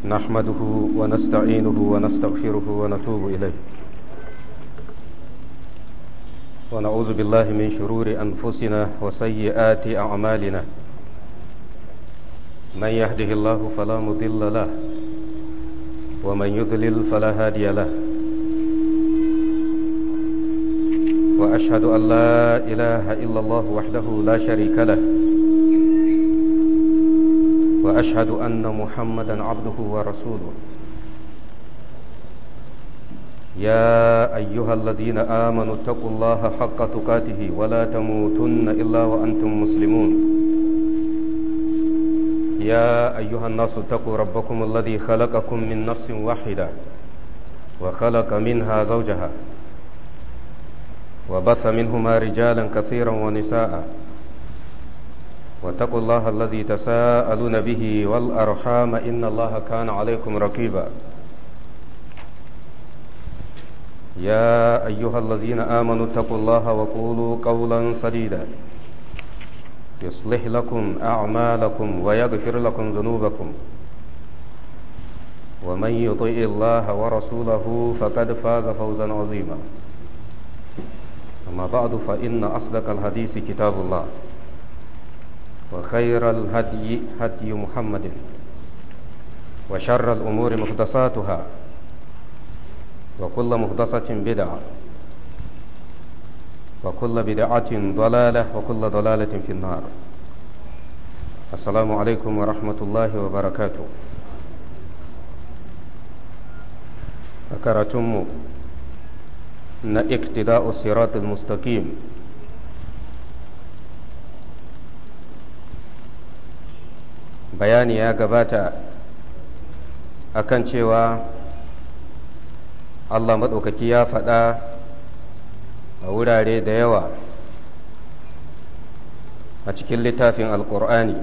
نحمده ونستعينه ونستغفره ونتوب إليه ونعوذ بالله من شرور أنفسنا وسيئات أعمالنا من يهده الله فلا مضل له ومن يضلل فلا هادي له وأشهد أن لا إله إلا الله وحده لا شريك له واشهد ان محمدا عبده ورسوله يا ايها الذين امنوا اتقوا الله حق تقاته ولا تموتن الا وانتم مسلمون يا ايها الناس اتقوا ربكم الذي خلقكم من نفس واحده وخلق منها زوجها وبث منهما رجالا كثيرا ونساء واتقوا الله الذي تساءلون به والأرحام إن الله كان عليكم رقيبا يا أيها الذين آمنوا اتقوا الله وقولوا قولا سديدا يصلح لكم أعمالكم ويغفر لكم ذنوبكم ومن يطع الله ورسوله فقد فاز فوزا عظيما أما بعد فإن أصدق الحديث كتاب الله وخير الهدي هدي محمد وشر الأمور محدثاتها وكل محدثة بدعة وكل بدعة ضلالة وكل ضلالة في النار السلام عليكم ورحمة الله وبركاته ذكرتم اقتداء الصراط المستقيم bayani ya gabata a kan cewa Allah maɗaukaki ya faɗa a wurare da yawa a cikin littafin alƙur'ani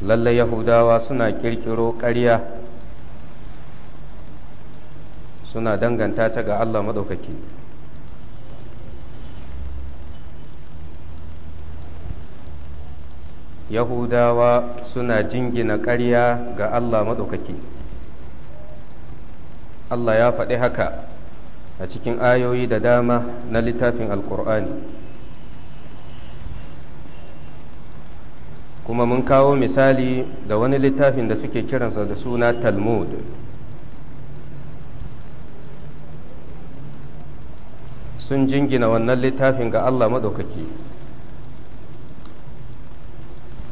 lallai yahudawa suna ƙirƙiro ƙarya suna danganta ta ga Allah maɗaukaki yahudawa suna jingina ƙarya ga allah maɗaukaki allah ya faɗi haka a cikin ayoyi da dama na littafin Alƙur'ani. kuma mun kawo misali da wani littafin da suke kiransa da suna talmud sun jingina wannan littafin ga allah maɗaukaki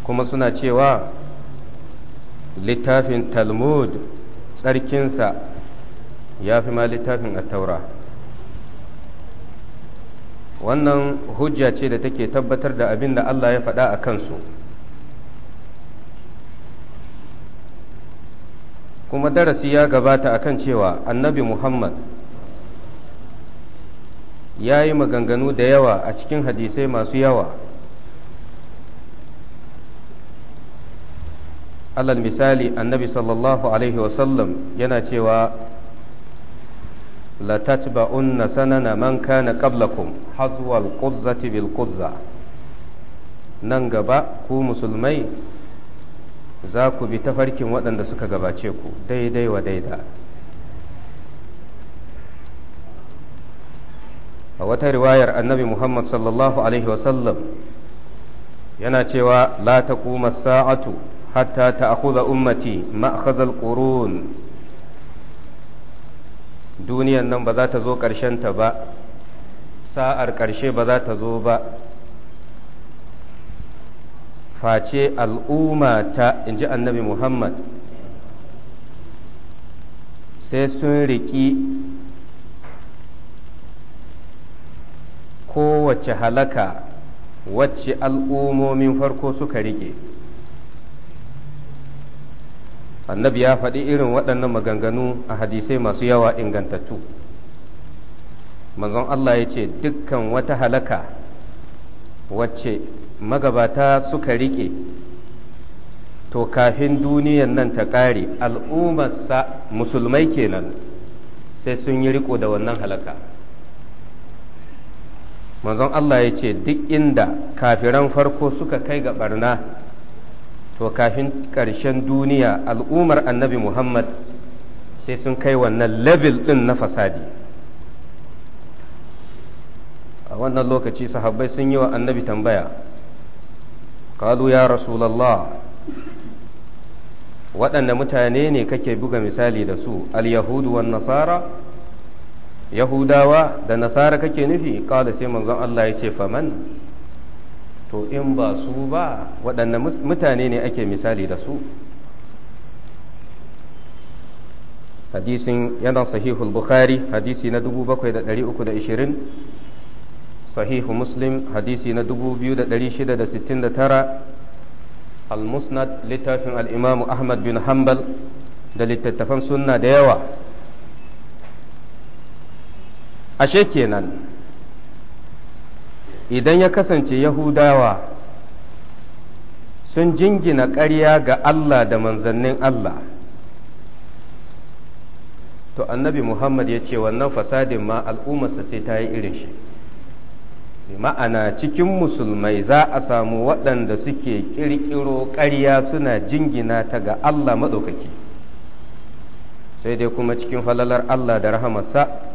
kuma suna cewa littafin talmud tsarkinsa ya fi ma littafin attaura wannan hujja ce da take tabbatar da abin da allah ya faɗa a kansu kuma darasi ya gabata a kan cewa annabi muhammad ya yi maganganu da yawa a cikin hadisai masu yawa alal misali annabi sallallahu alaihi wasallam yana cewa la tatba'unna sanana man kana qablakum hazwal quzzati bil quzza nan gaba ku musulmai za ku bi tafarkin waɗanda suka gabace ku daidai wa daida a wata riwayar annabi muhammad sallallahu alaihi wasallam yana cewa la taquma sa'atu hatta ta'khudha ummati ma'khazal qurun duniyar nan ba za ta zo ƙarshen ta ba sa'ar ƙarshe ba za ta zo ba face al'umma ta inji annabi muhammad sai sun riƙe kowace halaka wacce al'ummomin farko suka riƙe annabi ya faɗi irin waɗannan maganganu a hadisai masu yawa ingantattu manzon Allah ya ce dukkan wata halaka wacce magabata suka riƙe to kafin duniyan nan ta ƙare al'ummarsa musulmai kenan sai sun yi riko da wannan halaka manzon Allah ya ce duk inda kafiran farko suka kai ga barna to kafin ƙarshen duniya al'umar annabi muhammad sai sun kai wannan level ɗin na fasadi a wannan lokaci sahabbai sun yi wa annabi tambaya kalu ya rasulallah waɗanda mutane ne kake buga misali da su al-yahudu nasara yahudawa da nasara kake nufi kala sai manzon Allah ya ce faman to in ba su ba waɗanne mutane ne ake misali da su hadisin yana sahihul bukhari hadisi na 7320 sahihu muslim hadisi na 2669 al-musnad littafin al'imamu ahmad bin hanbal da littattafan sunna da yawa ashe kenan idan ya kasance yahudawa sun jingina ƙarya ga Allah da manzannin Allah to annabi Muhammad ya ce wannan fasadin ma al'ummarsa sai ta yi irin shi bi ma'ana cikin musulmai za a samu waɗanda suke ƙirƙiro ƙarya suna jingina ta ga Allah maɗaukaki sai dai kuma cikin falalar Allah da rahamarsa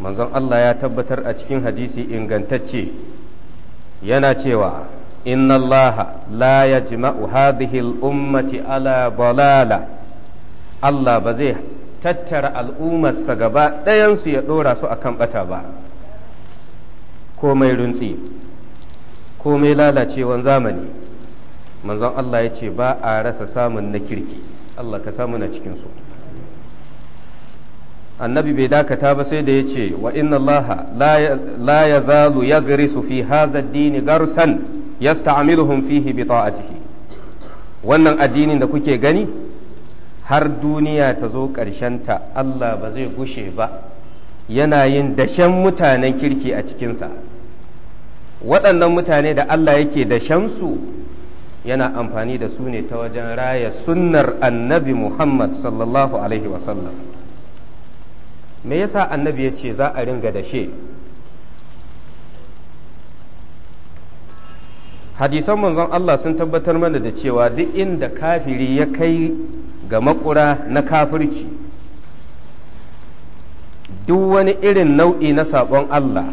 manzon Allah ya tabbatar a cikin hadisi ingantacce yana cewa inna Allah la yajma'u hadhihi al-ummati ala balala Allah ba zai tattara al'ummarsa gaba ɗayansu ya ɗora su a kan bata ba komai runtsi komai lalacewan zamani manzon Allah ya ce ba a rasa samun na kirki Allah ka samu na cikinsu annabi bai dakata ba sai da yace ce wa inna allaha la ya zalu ya garisu fi haza dini garsan ya fihi bi ta'atihi wannan addinin da kuke gani har duniya ta zo ta Allah ba zai gushe ba yana yin dashen mutanen kirki a cikinsa waɗannan mutane da Allah yake su yana amfani da su ne ta wajen raya sunnar annabi Muhammad sallallahu alaihi wasallam. sallam me yasa annabi ya ce za a ringa da dashe hadisan manzon Allah sun tabbatar mana da cewa duk inda kafiri ya kai ga makura na kafirci duk wani irin nau'i na saɓon Allah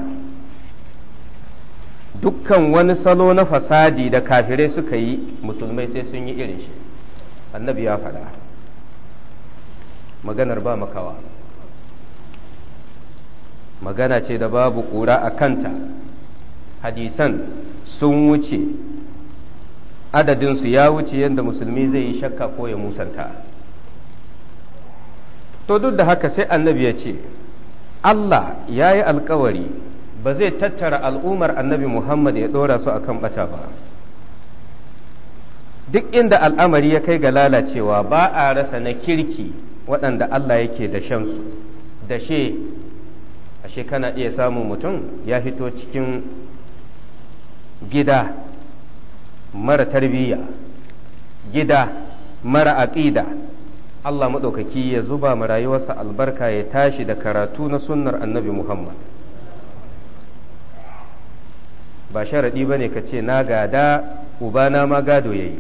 dukkan wani salo na fasadi da kafirai suka yi musulmai sai sun yi irin shi annabi ya faɗa maganar ba makawa magana ce da babu ƙura a kanta hadisan sun wuce adadinsu ya wuce yadda musulmi zai yi shakka ko ya musanta to duk da haka sai annabi ya ce allah ya yi alkawari ba zai tattara al'ummar annabi muhammad ya ɗora su kan ɓata ba duk inda al'amari ya kai ga lalacewa ba a rasa na kirki waɗanda allah yake da shansu dashe ashe kana iya samun mutum ya fito cikin gida mara tarbiyya gida mara aƙida Allah maɗaukaki ya zuba ma rayuwarsa albarka ya tashi da karatu na sunnar annabi Muhammad ba sharaɗi ba ne ka ce na gada ubana ma gado ya yi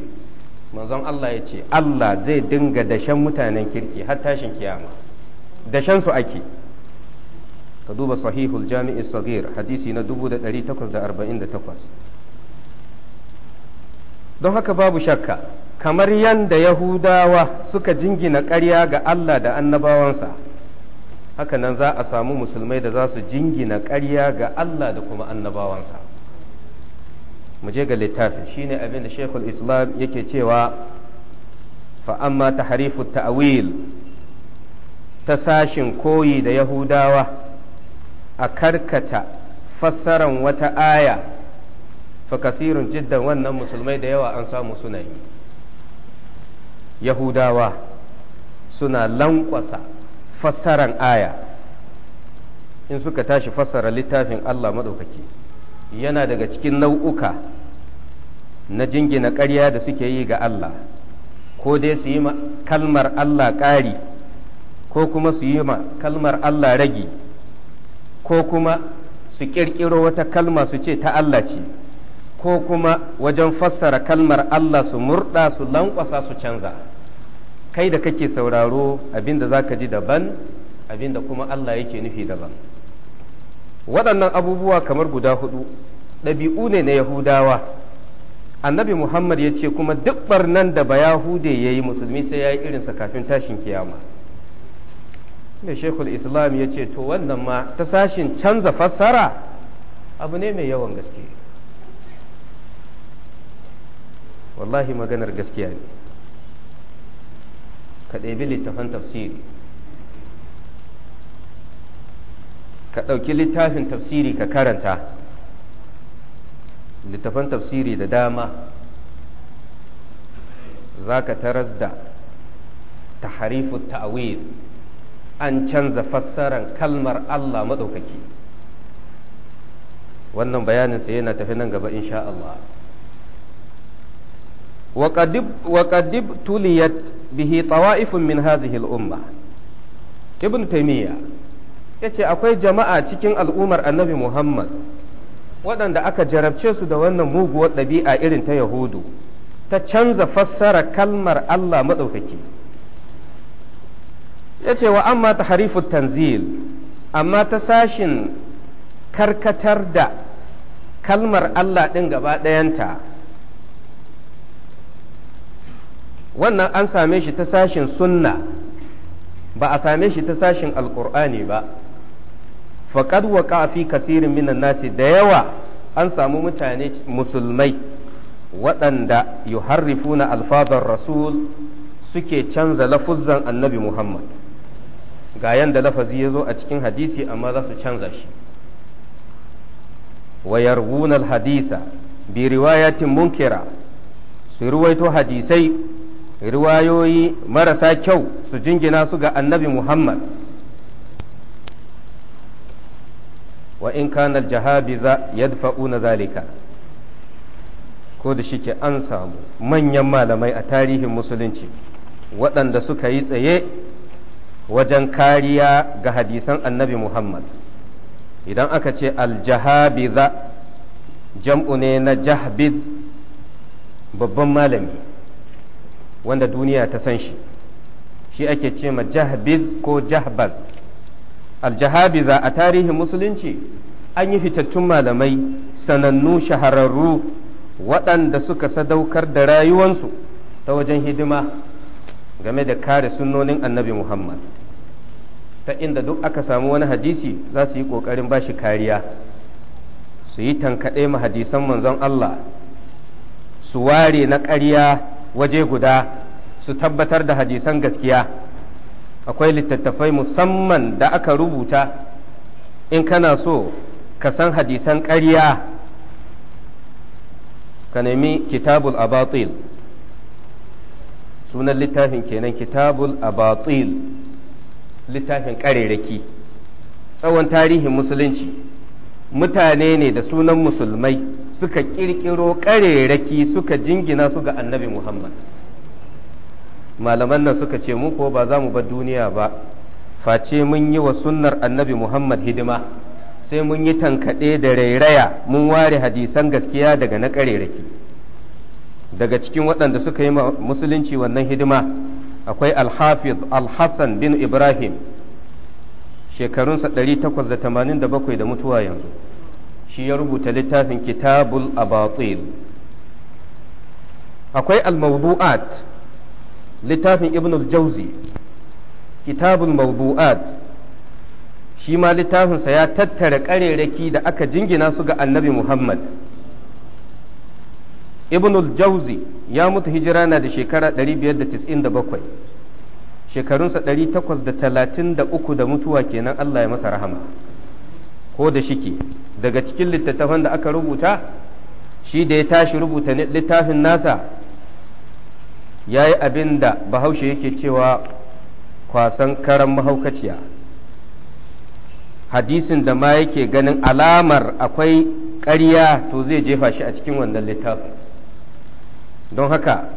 manzon Allah ya ce Allah zai dinga dashen mutanen kirki har tashin kiyama dashen su ake ka duba sahihul jami'i sagir hadisi na 1848 don haka babu shakka kamar yadda yahudawa suka jingina ƙarya ga allah da annabawansa hakanan za a samu musulmai da za su jingina ƙarya ga allah da kuma annabawansa mu je ga littafi shine abin da shekul islam yake cewa fa'amma ta harifu ta'awil ta sashin koyi da yahudawa a karkata fassaran wata aya fa kasirun jiddan wannan musulmai da yawa an samu suna yi yahudawa suna lankwasa fassaran aya in suka tashi fassara littafin allah maɗaukaki yana daga cikin nau'uka na jingina ƙarya da suke yi ga allah ko dai su yi kalmar allah ƙari ko kuma su yi ma kalmar allah ragi ko kuma su ƙirƙiro wata kalma su ce ta Allah ce ko kuma wajen fassara kalmar Allah su murɗa su lankwasa su canza kai da kake sauraro abinda za ka ji daban abinda kuma Allah yake nufi daban waɗannan abubuwa kamar guda hudu ɗabi'u ne na yahudawa annabi muhammad ya ce kuma duk barnan da ba yahude ya yi musulmi sai ya yi irinsa kafin tashin kiyama ne shekul islam ya ce to wannan ma ta sashin canza fassara abu ne mai yawan gaske wallahi maganar gaskiya ne ka ɗebi littafin tafsiri ka ɗauki littafin tafsiri ka karanta littafin tafsiri da dama za ka taras da ta harifu ta'awil an canza fassaran kalmar Allah maɗaukaki wannan bayaninsa yana tafi nan gaba insha Allah waƙadib tuliyat bihi tawa'ifun min hazihil umma ibn taimiyya ya ce akwai jama'a cikin al'ummar annabi muhammad waɗanda aka jarabce su da wannan muguwar ɗabi'a irin ta yahudu ta canza fassara kalmar allah maɗaukaki ya ce wa amma ta harifu tanzil amma ta sashin karkatar da kalmar Allah ɗin gaba ɗayanta wannan an same shi ta sashin sunna ba a same shi ta sashin alƙur'ani ba faƙad wa fi kasirin minan nasi da yawa an samu mutane musulmai waɗanda yuharrifuna alfadar rasul suke canza lafuzzan annabi muhammad ga yanda lafazi ya zo a cikin hadisi amma za su canza shi wa yarwuna hadisa bi riwayatin munkira su ruwaito hadisai riwayoyi marasa kyau su jingina su ga annabi muhammad wa in kana jahabiza yadfa'una zalika ko da shike an samu manyan malamai a tarihin musulunci waɗanda suka yi tsaye wajen kariya ga hadisan annabi Muhammad idan aka ce aljahabiza jam'u ne na jahbiz babban malami wanda duniya ta san shi shi ake ce ma jahbiz ko jahbaz aljahabiza a tarihin musulunci an yi fitattun malamai sanannu shahararru waɗanda suka sadaukar da rayuwansu ta wajen hidima game da kare sunnonin annabi muhammad ta inda duk aka samu wani hadisi za su yi ƙoƙarin ba shi kariya su yi tankaɗe ma hadisan manzon Allah su ware na ƙarya waje guda su tabbatar da hadisan gaskiya akwai littattafai musamman da aka rubuta in kana so ka san hadisan ƙarya ka nemi kitabul abatil sunan littafin kenan kitabul abatil littafin ƙarerake tsawon tarihin musulunci mutane ne da sunan musulmai suka ƙirƙiro ƙarerake suka jingina su ga annabi muhammad malaman nan suka ce mu ko ba za mu bar duniya ba face mun yi wa sunnar annabi muhammad hidima sai mun yi tankaɗe da rairaya mun ware hadisan gaskiya daga na ƙarerake daga cikin waɗanda suka yi musulunci wannan hidima akwai alhafiz alhassan bin ibrahim shekarunsa 887 da mutuwa yanzu shi ya rubuta littafin kitabul abatil akwai almawdu'at littafin ibnul jauzi kitabul mawdu'at shi ma littafinsa ya tattara ƙarerraki da aka jingina su ga annabi muhammad ibn al jauzi ya mutu hijira na da shekara 597 shekarunsa 833 da mutuwa kenan Allah ya masa rahama ko da shike daga cikin littattafan da aka rubuta shi da ya tashi rubuta littafin nasa ya yi abin da bahaushe yake cewa kwasan karan mahaukaciya hadisin da ma yake ganin alamar akwai ƙarya to zai jefa shi a cikin wannan littafin don haka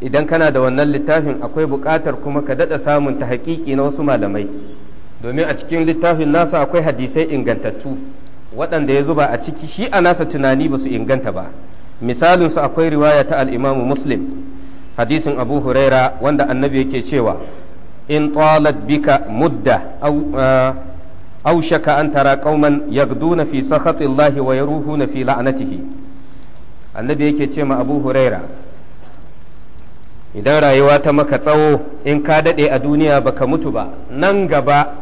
idan kana da wannan littafin akwai buƙatar kuma ka daɗa samun ta haƙiƙi na wasu malamai domin a cikin littafin nasa akwai hadisai ingantattu waɗanda ya zuba a ciki shi a nasa tunani ba su inganta ba misalinsu akwai riwaya ta al'imamu muslim hadisin abu huraira wanda annabi yake cewa in talat bika mudda aw eh, shaka an tara qauman yagduna fi sakhatillahi wa yaruhuna fi la'natihi annabi yake ce ma abu huraira idan rayuwa ta maka tsawo in ka daɗe a duniya baka mutu ba nan gaba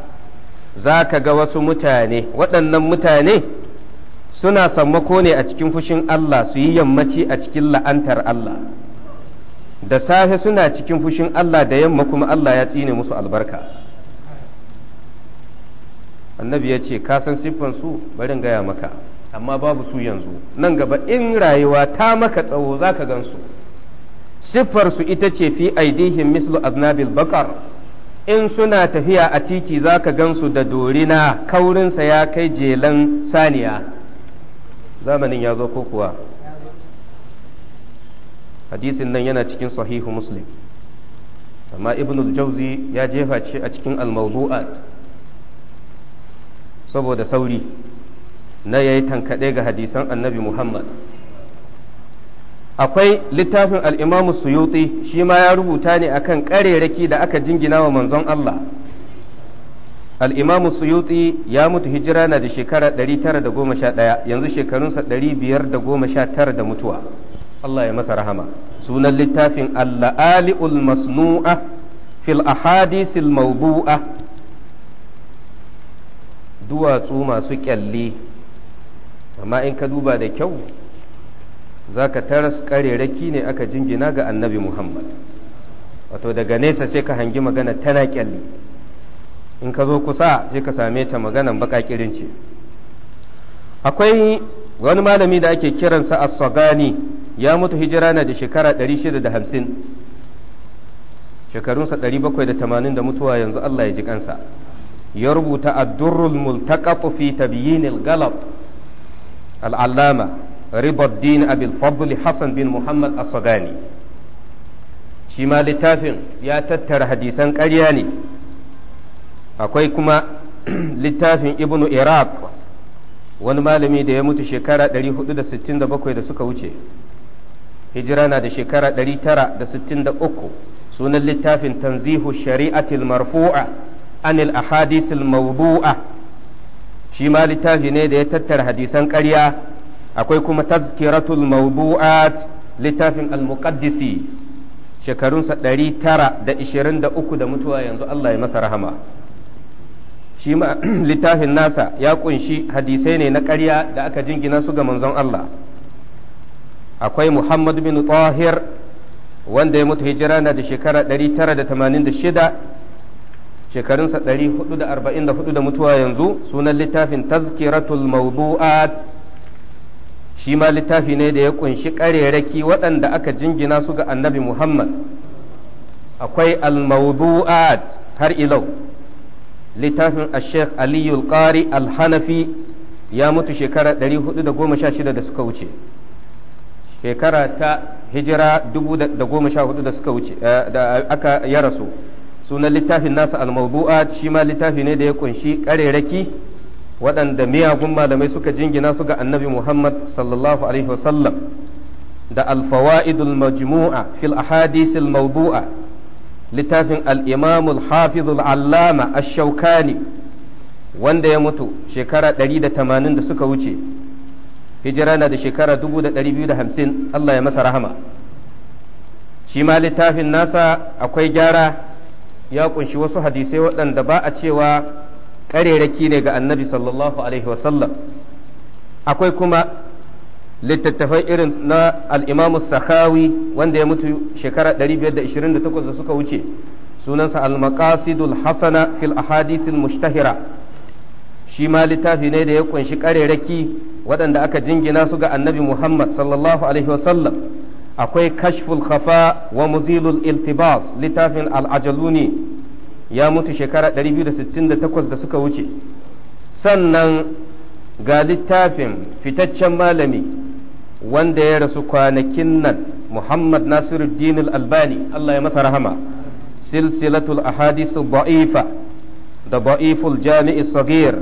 za ka ga wasu mutane waɗannan mutane suna sammako ne a cikin fushin Allah su yi yammaci a cikin la'antar Allah da safe suna cikin fushin Allah da yamma kuma Allah ya tsine musu albarka annabi ya ce ka san siffan su barin gaya maka amma babu su yanzu nan gaba in rayuwa ta maka tsawo za ka gan su su ita ce fi aidihim mislu aznabil bakar in suna tafiya a titi za ka gansu da dorina kaurinsa ya kai jelan saniya zamanin ya zo ko kuwa hadisin nan yana cikin sahihu muslim amma ibn jauzi ya jefa ce a cikin almawdu'at saboda sauri na yayi tankaɗe ga hadisan annabi muhammad akwai littafin al'imamu suyuti shi ma ya rubuta ne a kan ƙarerraki da aka jingina wa manzon Allah al'imamu suyuti ya mutu hijira na da shekara 911 yanzu shekarunsa 519 da mutuwa Allah ya masa rahama sunan littafin alla'ali'ul masnu'a fil ahadisil mawdu'a duwatsu masu kyalli amma in ka duba da kyau za ka taras ƙarerraki ne aka jingina ga annabi muhammad wato daga nesa sai ka hangi magana tana kyalli in ka zo kusa sai ka same ta maganan baƙaƙirin ce akwai wani malami da ake kiransa as-sagani ya mutu hijira na da shekara 650 shekarunsa 780 da mutuwa yanzu Allah ya ji kansa ya rubuta ad-durrul multaqat fi tabyin al al din abil fadl hassan bin muhammad as-sagani shi ma littafin ya tattara hadisan ƙarya ne akwai kuma littafin ibnu iraq wani malami da ya mutu shekara 467 da suka wuce hijira na da shekara 963 sunan littafin tanzihu shari'atil marfu'a anil ahadisil mawdu'a shi ma littafi ne da ya tattara hadisan ƙarya akwai kuma tazkiratul mawdu'at littafin al-muqaddisi shekarunsa 923 da mutuwa yanzu Allah ya masa rahama shi ma littafin nasa ya kunshi hadisai ne na ƙarya da aka jingina su ga manzon Allah akwai Muhammad bin Tahir wanda ya mutu hijira na da shekara 986 shekarunsa 444 da mutuwa yanzu sunan littafin tazkiratul mawdu'at shi ma littafi ne da ya kunshi ƙarerraki waɗanda aka jingina su ga annabi Muhammad akwai al-mawdu'at har ilau littafin al-sheikh aliyu al-qari al-hanafi ya mutu shekara 416 da suka wuce shekara ta hijira 1414 da suka wuce eh, da aka ya rasu sunan littafin nasa al-mawdu'at shi ma littafi ne da ya kunshi ƙarerraki waɗanda miyagun malamai suka jingina su ga annabi Muhammad sallallahu alaihi wasallam da alfawa'idul majmu'a fil ahadisil mawdu'a littafin al-imam al-hafizul allama ash-shawkani wanda ya mutu shekara 180 da suka wuce hijira na da shekara 2250 Allah ya masa rahama shi ma littafin nasa akwai gyara ya kunshi wasu hadisai waɗanda ba a cewa ƙareraki ne ga annabi sallallahu alaihi wasallam akwai kuma littattafai irin na al'imamu sakhawi wanda ya mutu shekara 528 da suka wuce sunansa al-maqasidul hasana fil ahadisil mushtahira shi ma littafi ne da ya kunshi ƙareraki waɗanda aka jingina su ga annabi muhammad sallallahu alaihi wasallam akwai kashful khafa wa muzilul iltibas littafin al-ajaluni ya mutu shekara 268 da suka wuce sannan ga littafin fitaccen malami wanda ya rasu kwanakin nan muhammad nasiruddin al-albani allah ya masa rahama silsilatul ahadisu ba'ifa da ba'iful jami'i sagir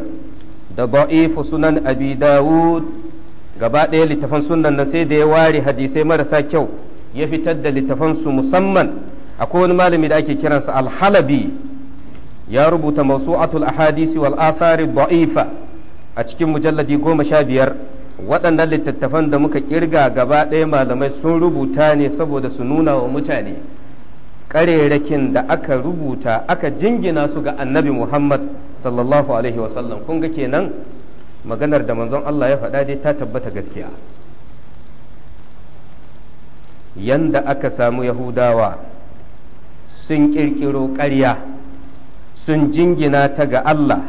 da ba'ifu sunan abi dawud gaba ɗaya littafan sunan na sai da ya ware hadisai marasa kyau ya fitar da littafansu musamman akwai wani malami da ake kiransa alhalabi ya rubuta mawsu'atul ahadisi wal athari da'ifa a cikin mujalladi goma sha biyar waɗannan littattafan da muka kirga gaba ɗaya malamai sun rubuta ne saboda su nuna wa mutane ƙarerakin da aka rubuta aka jingina su ga annabi muhammad sallallahu alaihi wasallam kun ga kenan maganar da manzon allah ya faɗa dai ta tabbata gaskiya yanda aka samu yahudawa sun ƙirƙiro ƙarya sun jingina ta ga Allah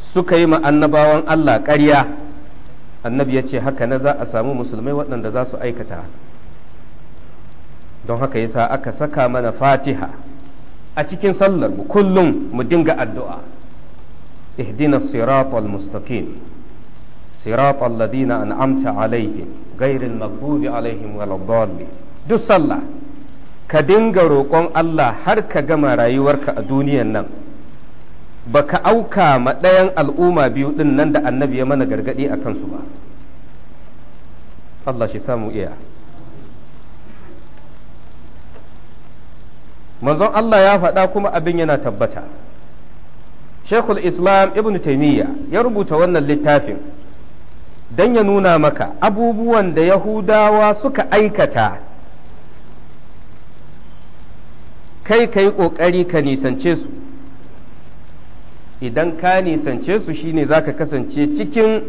suka yi ma annabawan Allah ƙarya annabi ya ce haka na za a samu musulmai waɗanda za su aikata don haka yasa aka saka mana fatiha a cikin sallar mu kullum mu dinga addu'a ihdina siratal mustaqim siratal ladina an'amta alaihim Gairin maghdubi alaihim waladdallin duk sallah ka dinga roƙon Allah har ka gama rayuwarka a duniyan nan ba ka auka ma ɗayan al'umma biyu ɗin nan da annabi ya mana gargaɗi a kansu ba Allah shi samu iya manzon Allah ya faɗa kuma abin yana tabbata shekul islam ibn taimiyya ya rubuta wannan littafin don ya nuna maka abubuwan da yahudawa suka aikata kai ka yi ƙoƙari ka nisance su idan ka nisance su shine za ka kasance cikin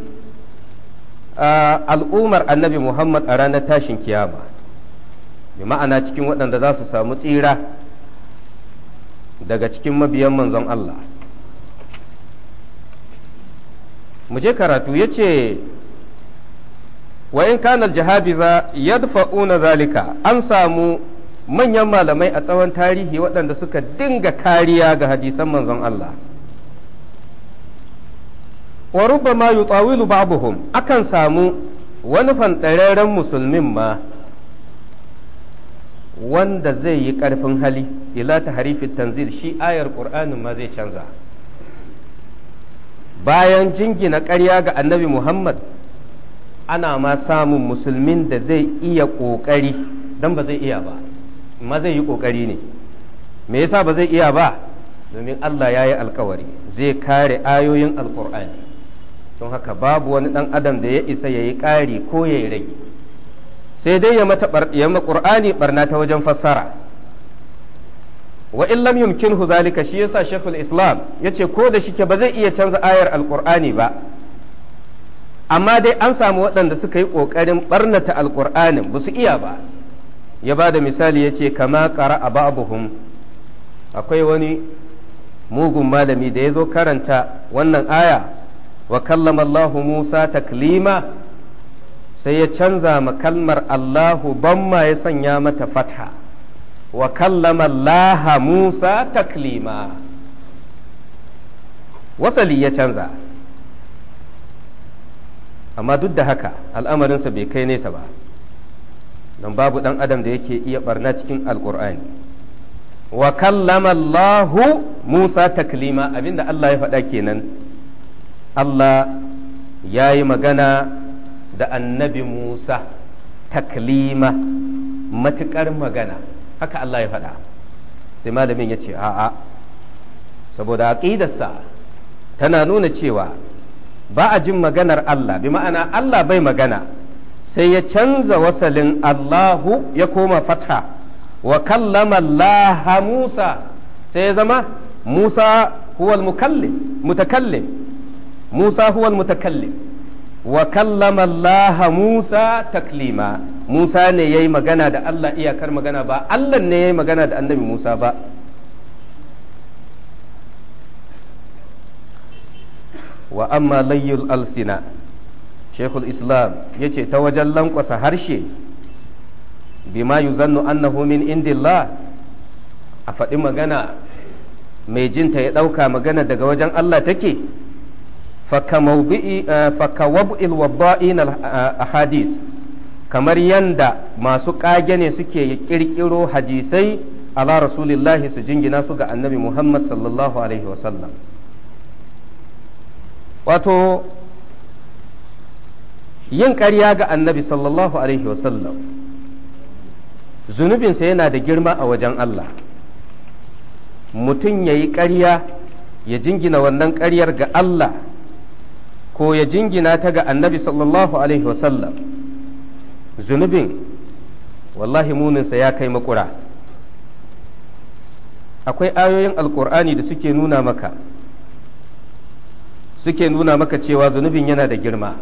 al'ummar annabi muhammad a ranar tashin kiyama bi ma'ana cikin waɗanda za su samu tsira daga cikin mabiyan manzon allah mu je karatu ya ce wa in za yadda fa'una zalika an samu manyan malamai a tsawon tarihi waɗanda suka dinga kariya ga hadisan manzon Allah wa rubbama yutawilu ba'dhum akan samu wani fantararren musulmin ma wanda zai yi ƙarfin hali ila ta harifin tanzil shi ayar ƙur'anin ma zai canza bayan jingina ƙarya ga annabi muhammad ana ma samun musulmin da zai iya ƙoƙari don ba zai iya ba ma zai yi kokari ne me yasa ba zai iya ba domin Allah ya yi alkawari zai kare ayoyin alkur'ani don haka babu wani dan adam da ya isa ya yi ƙari ko ya yi rage sai dai ya mata ya qur'ani barna ta wajen fassara wa in lam yumkinhu zalika shi yasa shaykhul islam yace ko da shike ba zai iya canza ayar alkur'ani ba amma dai an samu waɗanda suka yi ƙoƙarin barnata alqur'anin ba su iya ba ya ba da misali ya ce kama ƙara a ba'abuhum akwai wani mugun malami da ya zo karanta wannan aya wa kallama Allahu Musa taklima sai ya canza ma kalmar Allahu bamma ya sanya mata fatha wa kallama Musa taklima wasali ya canza amma duk da haka al'amarinsa bai kai nesa ba don babu ɗan adam da yake iya barna cikin alƙur'ani wa kallama Allahu Musa taklima abinda Allah ya faɗa kenan Allah ya yi magana da annabi Musa taklima matuƙar magana haka Allah ya faɗa sai malamin ya ce a'a saboda aƙidarsa tana nuna cewa ba a jin maganar Allah bi ma'ana Allah bai magana sai ya canza wasalin Allahu ya koma fatha wa kallama Allah Musa sai ya zama Musa huwa al-mukallim mutakallim Musa huwa al-mutakallim wa kallama Allah Musa taklima Musa ne yayi magana da Allah iyakar magana ba Allah ne yayi magana da Annabi Musa ba wa amma layyul alsina shekul islam ya ce ta wajen lankwasa harshe bima yuzannu annahu min indillah a faɗi magana mai jinta ya ɗauka magana daga wajen Allah take fakawab'il eh, wabba'in eh, hadis kamar yanda masu ƙage ne suke ƙirƙiro hadisai ala rasulillahi su jingina su ga annabi muhammad sallallahu alaihi wasallam wato yin ƙarya ga annabi sallallahu alaihi wasallam zunubinsa yana da girma a wajen Allah mutum ya yi ƙarya ya jingina wannan ƙaryar ga Allah ko ya jingina ta ga annabi sallallahu alaihi wasallam zunubin wallahi muninsa ya kai makura akwai ayoyin Alƙur'ani da suke nuna maka suke nuna maka cewa zunubin yana da girma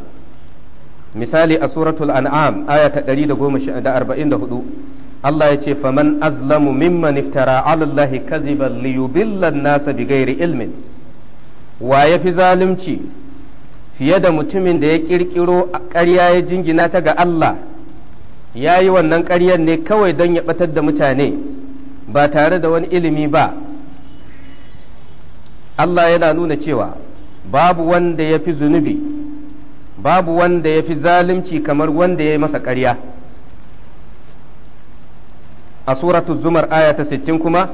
misali a suratul an'am aya ta 144 Allah ya ce faman azlamu mimman iftara ala Allah kaziban li yudilla nasa bighairi ilmin wa yafi zalunci fiye da mutumin da ya kirkiro ƙarya ya jingina ta ga Allah ya yi wannan ƙaryar ne kawai don ya batar da mutane ba tare da wani ilimi ba Allah yana nuna cewa babu wanda ya fi zunubi babu wanda ya fi zalunci kamar wanda ya yi masa ƙarya a suratu zumar aya ta sittin kuma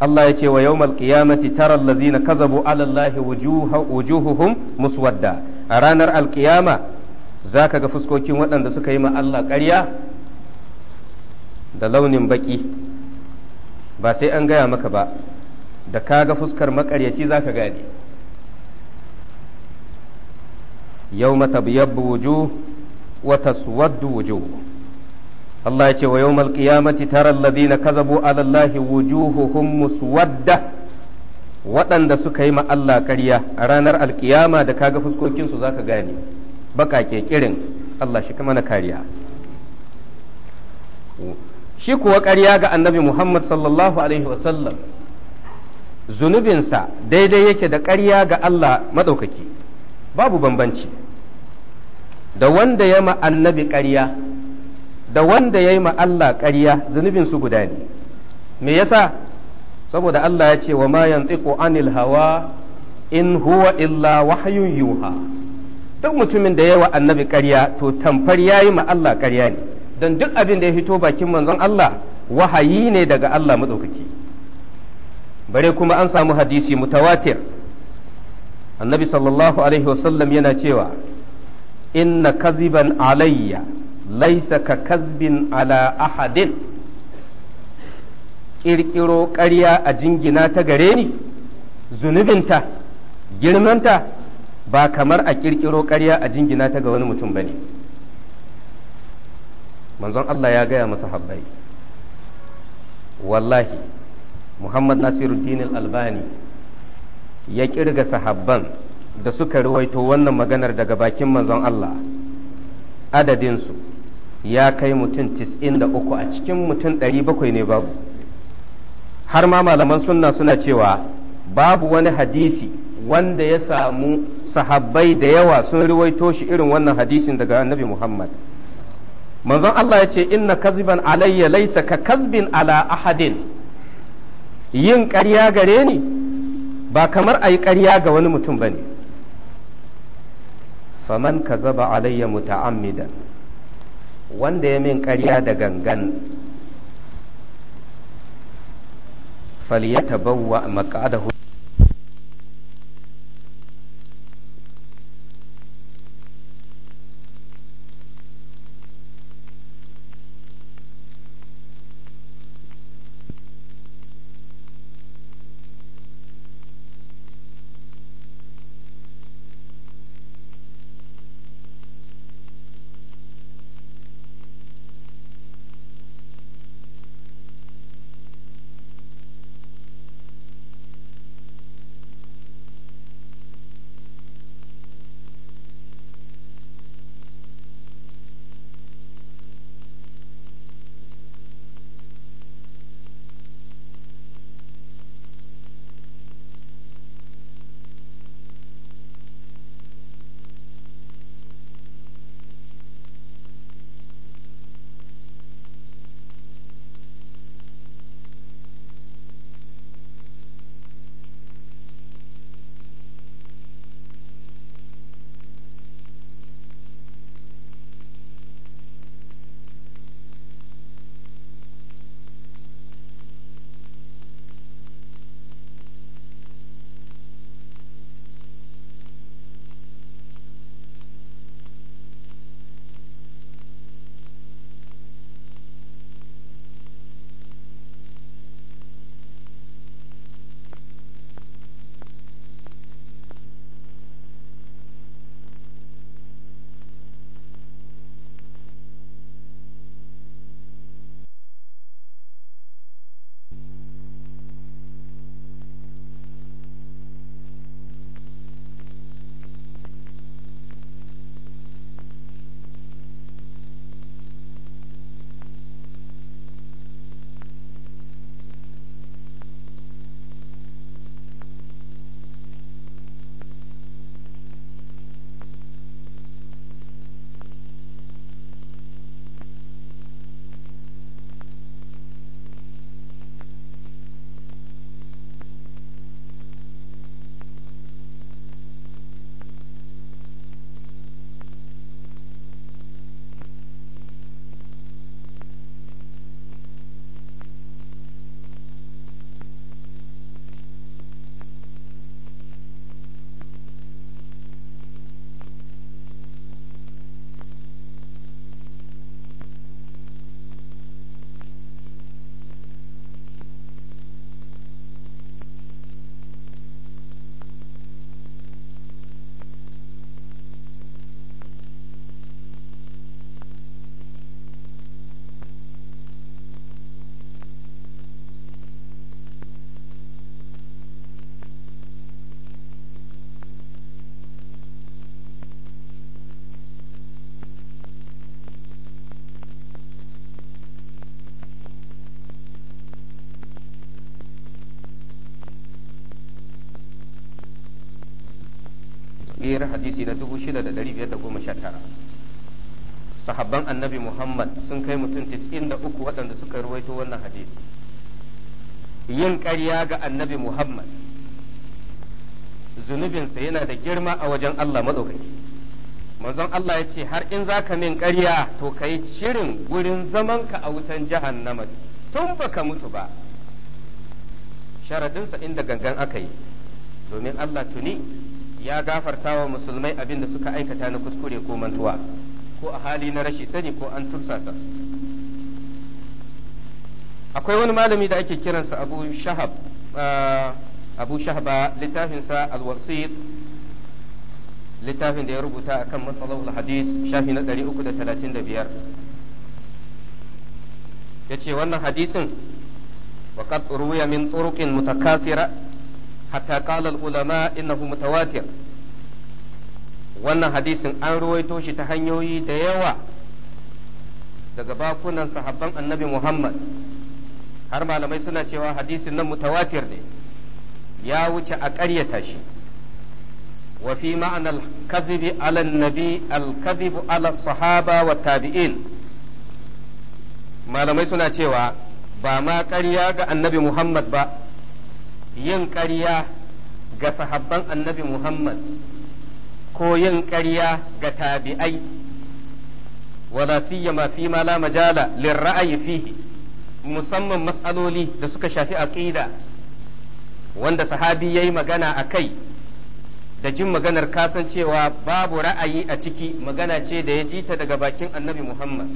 Allah ya ce wa yawmal qiyamati tara allazina kazabu ala Allahi wujuhuhum muswadda a ranar alkiyama zaka ga fuskokin waɗanda suka yi ma Allah ƙarya da launin baƙi ba sai an gaya maka ba da kaga fuskar makaryaci zaka gane yawma tabyabbu wujuh wa taswaddu wujuh Allah ya ce wa yawmal qiyamati tara alladhina kazabu ala Allahi wujuhuhum muswadda waɗanda suka yi ma Allah ƙarya a ranar alkiyama da kaga fuskokin su zaka gane ke kirin Allah shi kuma na kariya shi kuwa ƙarya ga annabi Muhammad sallallahu alaihi wasallam zunubinsa daidai yake da ƙarya ga Allah maɗaukaki babu bambanci da wanda ya ma annabi ƙarya da wanda ya yi ma Allah ƙarya zunubin su guda ne me yasa saboda Allah ya ce wa ma ko anil hawa in huwa illa wahyun yuha duk mutumin da ya yi annabi ƙarya to tamfar yayi ma Allah ƙarya ne don duk abin da ya fito bakin manzon Allah wahayi ne daga Allah madaukaki bare kuma an samu hadisi mutawatir annabi sallallahu alaihi wasallam yana cewa inna kaziban alayya laisa ka kazbin ala ahadin ƙirƙiro ƙarya a jingina ta gare ni zunubinta girmanta ba kamar a ƙirƙiro ƙarya a jingina ta ga wani mutum ba ne manzon Allah ya gaya masa habbai wallahi muhammad nasiruddin al-albani ya ƙirga sahabban da suka ruwaito wannan maganar daga bakin manzon Allah adadinsu ya kai mutum 93 a cikin mutum 700 ne babu har ma malaman sunna suna cewa babu wani hadisi wanda ya samu sahabbai da yawa sun ruwaito shi irin wannan hadisin daga annabi Muhammad manzon Allah ya ce inna kaziban alayya laysa ka kazbin ala ahadin yin ƙarya gare ni ba kamar a yi ƙarya ga wani mutum ba ne faman kazaba alayya muta'ammidan wanda ya min ƙarya da gangan falyata bawa maƙadahu hira hadisi na 6519 sahabban annabi Muhammad sun kai mutum 93 waɗanda suka ruwaito wannan hadisi yin ƙarya ga annabi Muhammad zunubinsa yana da girma a wajen Allah maɗaukaki manzon Allah ya ce har in za ka min ƙarya to ka yi shirin wurin zamanka a wutan jahannama tun baka mutu ba sharadinsa inda gangan aka yi domin Allah tuni ya gafarta wa musulmai abin da suka aikata na kuskure ko mantuwa ko a hali na rashi sani ko an tursasa akwai wani malami da ake kiransa abu shahab uh, abu shahaba uh, littafinsa alwasit littafin da ya rubuta akan matsalolin hadis shafi na 335 ya ce wannan hadisin وقد روي من طرق متكاثرة hatta qala al ulama innahu wannan hadisin an ruwaito shi ta hanyoyi da yawa daga bakunan sahabban annabi Muhammad har malamai suna cewa hadisin nan mutawatir ne ya wuce a ƙaryata shi wa fi ma'anar kazibi ala nabi alkazibu ala sahaba wa tabi'in malamai suna cewa ba ma ƙarya ga annabi Muhammad ba yin ƙarya ga sahabban annabi Muhammad ko yin ƙarya ga tabi'ai wala siyama fi ma la majala lirra'ayi fihi musamman matsaloli da suka shafi aqida wanda sahabi yayi magana a kai da jin maganar kasan cewa babu ra'ayi a ciki magana ce da ya ji ta daga bakin annabi Muhammad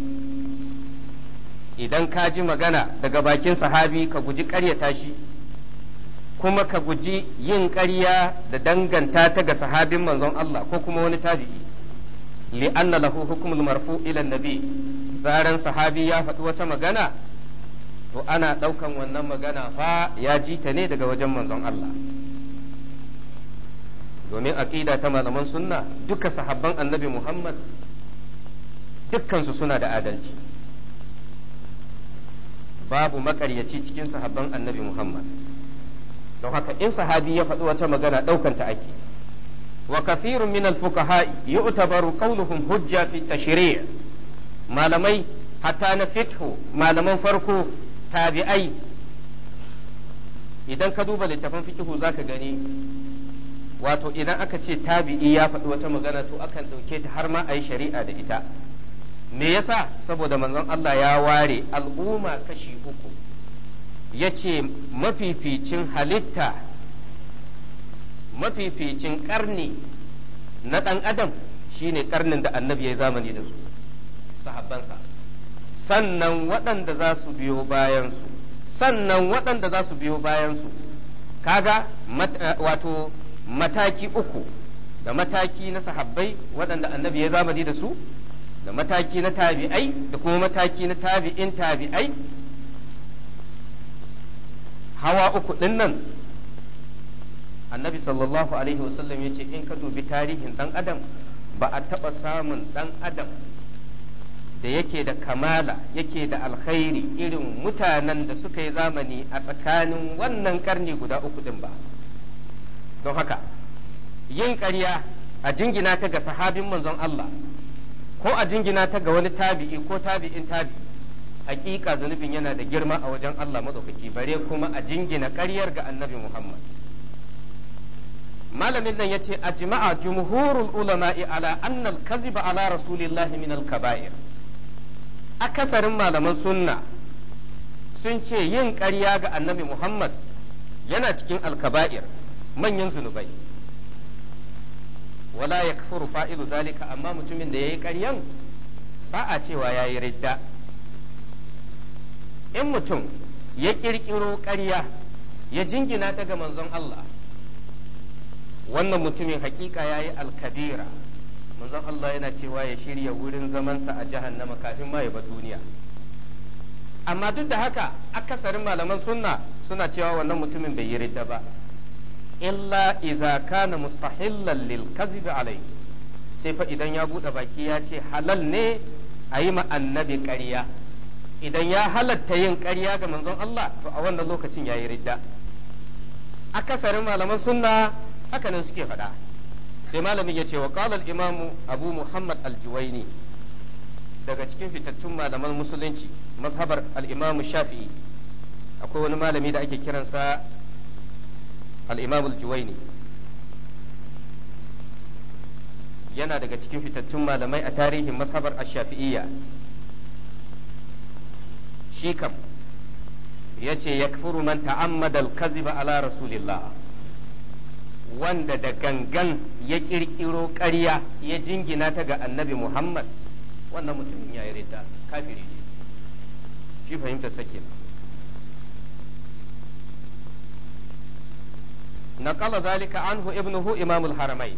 idan ka ji magana daga bakin sahabi ka guji ƙaryata shi kuma ka guji yin ƙarya da danganta ta ga sahabin manzon Allah ko kuma wani tabi'i li'anna lahu hukmul marfu ila nabi zaran sahabi ya faɗi wata magana to ana ɗaukan wannan magana fa ya ji ta ne daga wajen manzon Allah domin aƙida ta malaman sunna duka sahabban annabi Muhammad dukkansu suna da adalci babu maƙaryaci cikin sahabban annabi Muhammad don haka in sahabi ya faɗi wata magana ɗaukanta ake wa kathirun min al-fuqaha'i yu'tabaru qawluhum hujja fi tashri' malamai hatta na fitho malaman farko tabi'ai idan ka duba littafin fikihu zaka gani wato idan aka ce tabi'i ya faɗi wata magana to akan ɗauke ta har ma a yi shari'a da ita me yasa saboda manzon Allah ya ware al'umma kashi uku ya ce mafificin halitta mafificin karni na ɗan adam shine karnin da annabi ya yi zamani da su sahabbansa sannan waɗanda za su biyo bayansu sannan waɗanda za su biyo bayansu kaga eh, wato mataki uku da mataki na sahabbai waɗanda annabi ya zamani da su da mataki na tabi'ai da kuma mataki na tabi'in tabi'ai hawa uku ɗin nan annabi sallallahu alaihi wasallam ya ce in ka dubi tarihin ɗan adam ba a taɓa samun ɗan adam da yake da kamala yake da alkhairi irin mutanen da suka yi zamani a tsakanin wannan karni guda uku ɗin ba don haka yin ƙarya a jingina ta ga sahabin manzon Allah ko a jingina ta ga wani tabi'i ko tabi'in tabi'i hakika zunubin yana da girma a wajen Allah madaukaki bare kuma a jingina ƙaryar ga annabi Muhammad malamin nan yace ajma'a jumhurul ulama'i ala annal kaziba ala rasulillahi min kaba'ir akasarin malaman sunna sun ce yin ƙarya ga annabi Muhammad yana cikin alkaba'ir manyan zunubai wala ya fa'ilu zalika amma mutumin da ya yi ƙaryan ba a cewa ya yi ridda in mutum ya kirkiro ƙarya ya jingina ta ga manzon Allah wannan mutumin hakika ya yi alkabira manzon Allah yana cewa ya shirya wurin zamansa a jahannama kafin ma ya ba duniya amma duk da haka akasarin malaman sunna suna cewa wannan mutumin bai yi ridda ba illa iza kana mustahillan lil kazib alai sai fa idan ya bude baki ya ce halal ne a yi ma annabi ƙarya idan ya halatta yin ƙarya ga manzon Allah to a wannan lokacin yayi ridda akasarin malaman sunna hakanan suke faɗa sai malamin ya ce wa qala imamu abu muhammad al daga cikin fitattun malaman musulunci mazhabar al-imamu shafi'i akwai wani malami da ake kiransa al-imamu al-juwaini yana daga cikin fitattun malamai a tarihin mazhabar al shafiiyya shi kam ya ce ya furu man ta'ammadal kaziba ala rasulillah wanda da gangan ya kirkiro ƙarya ya jingina ta ga annabi muhammad wannan mutumin ya yi ridda kafiri ne shi fahimta sake نقل ذلك عنه ابنه إمام الحرمين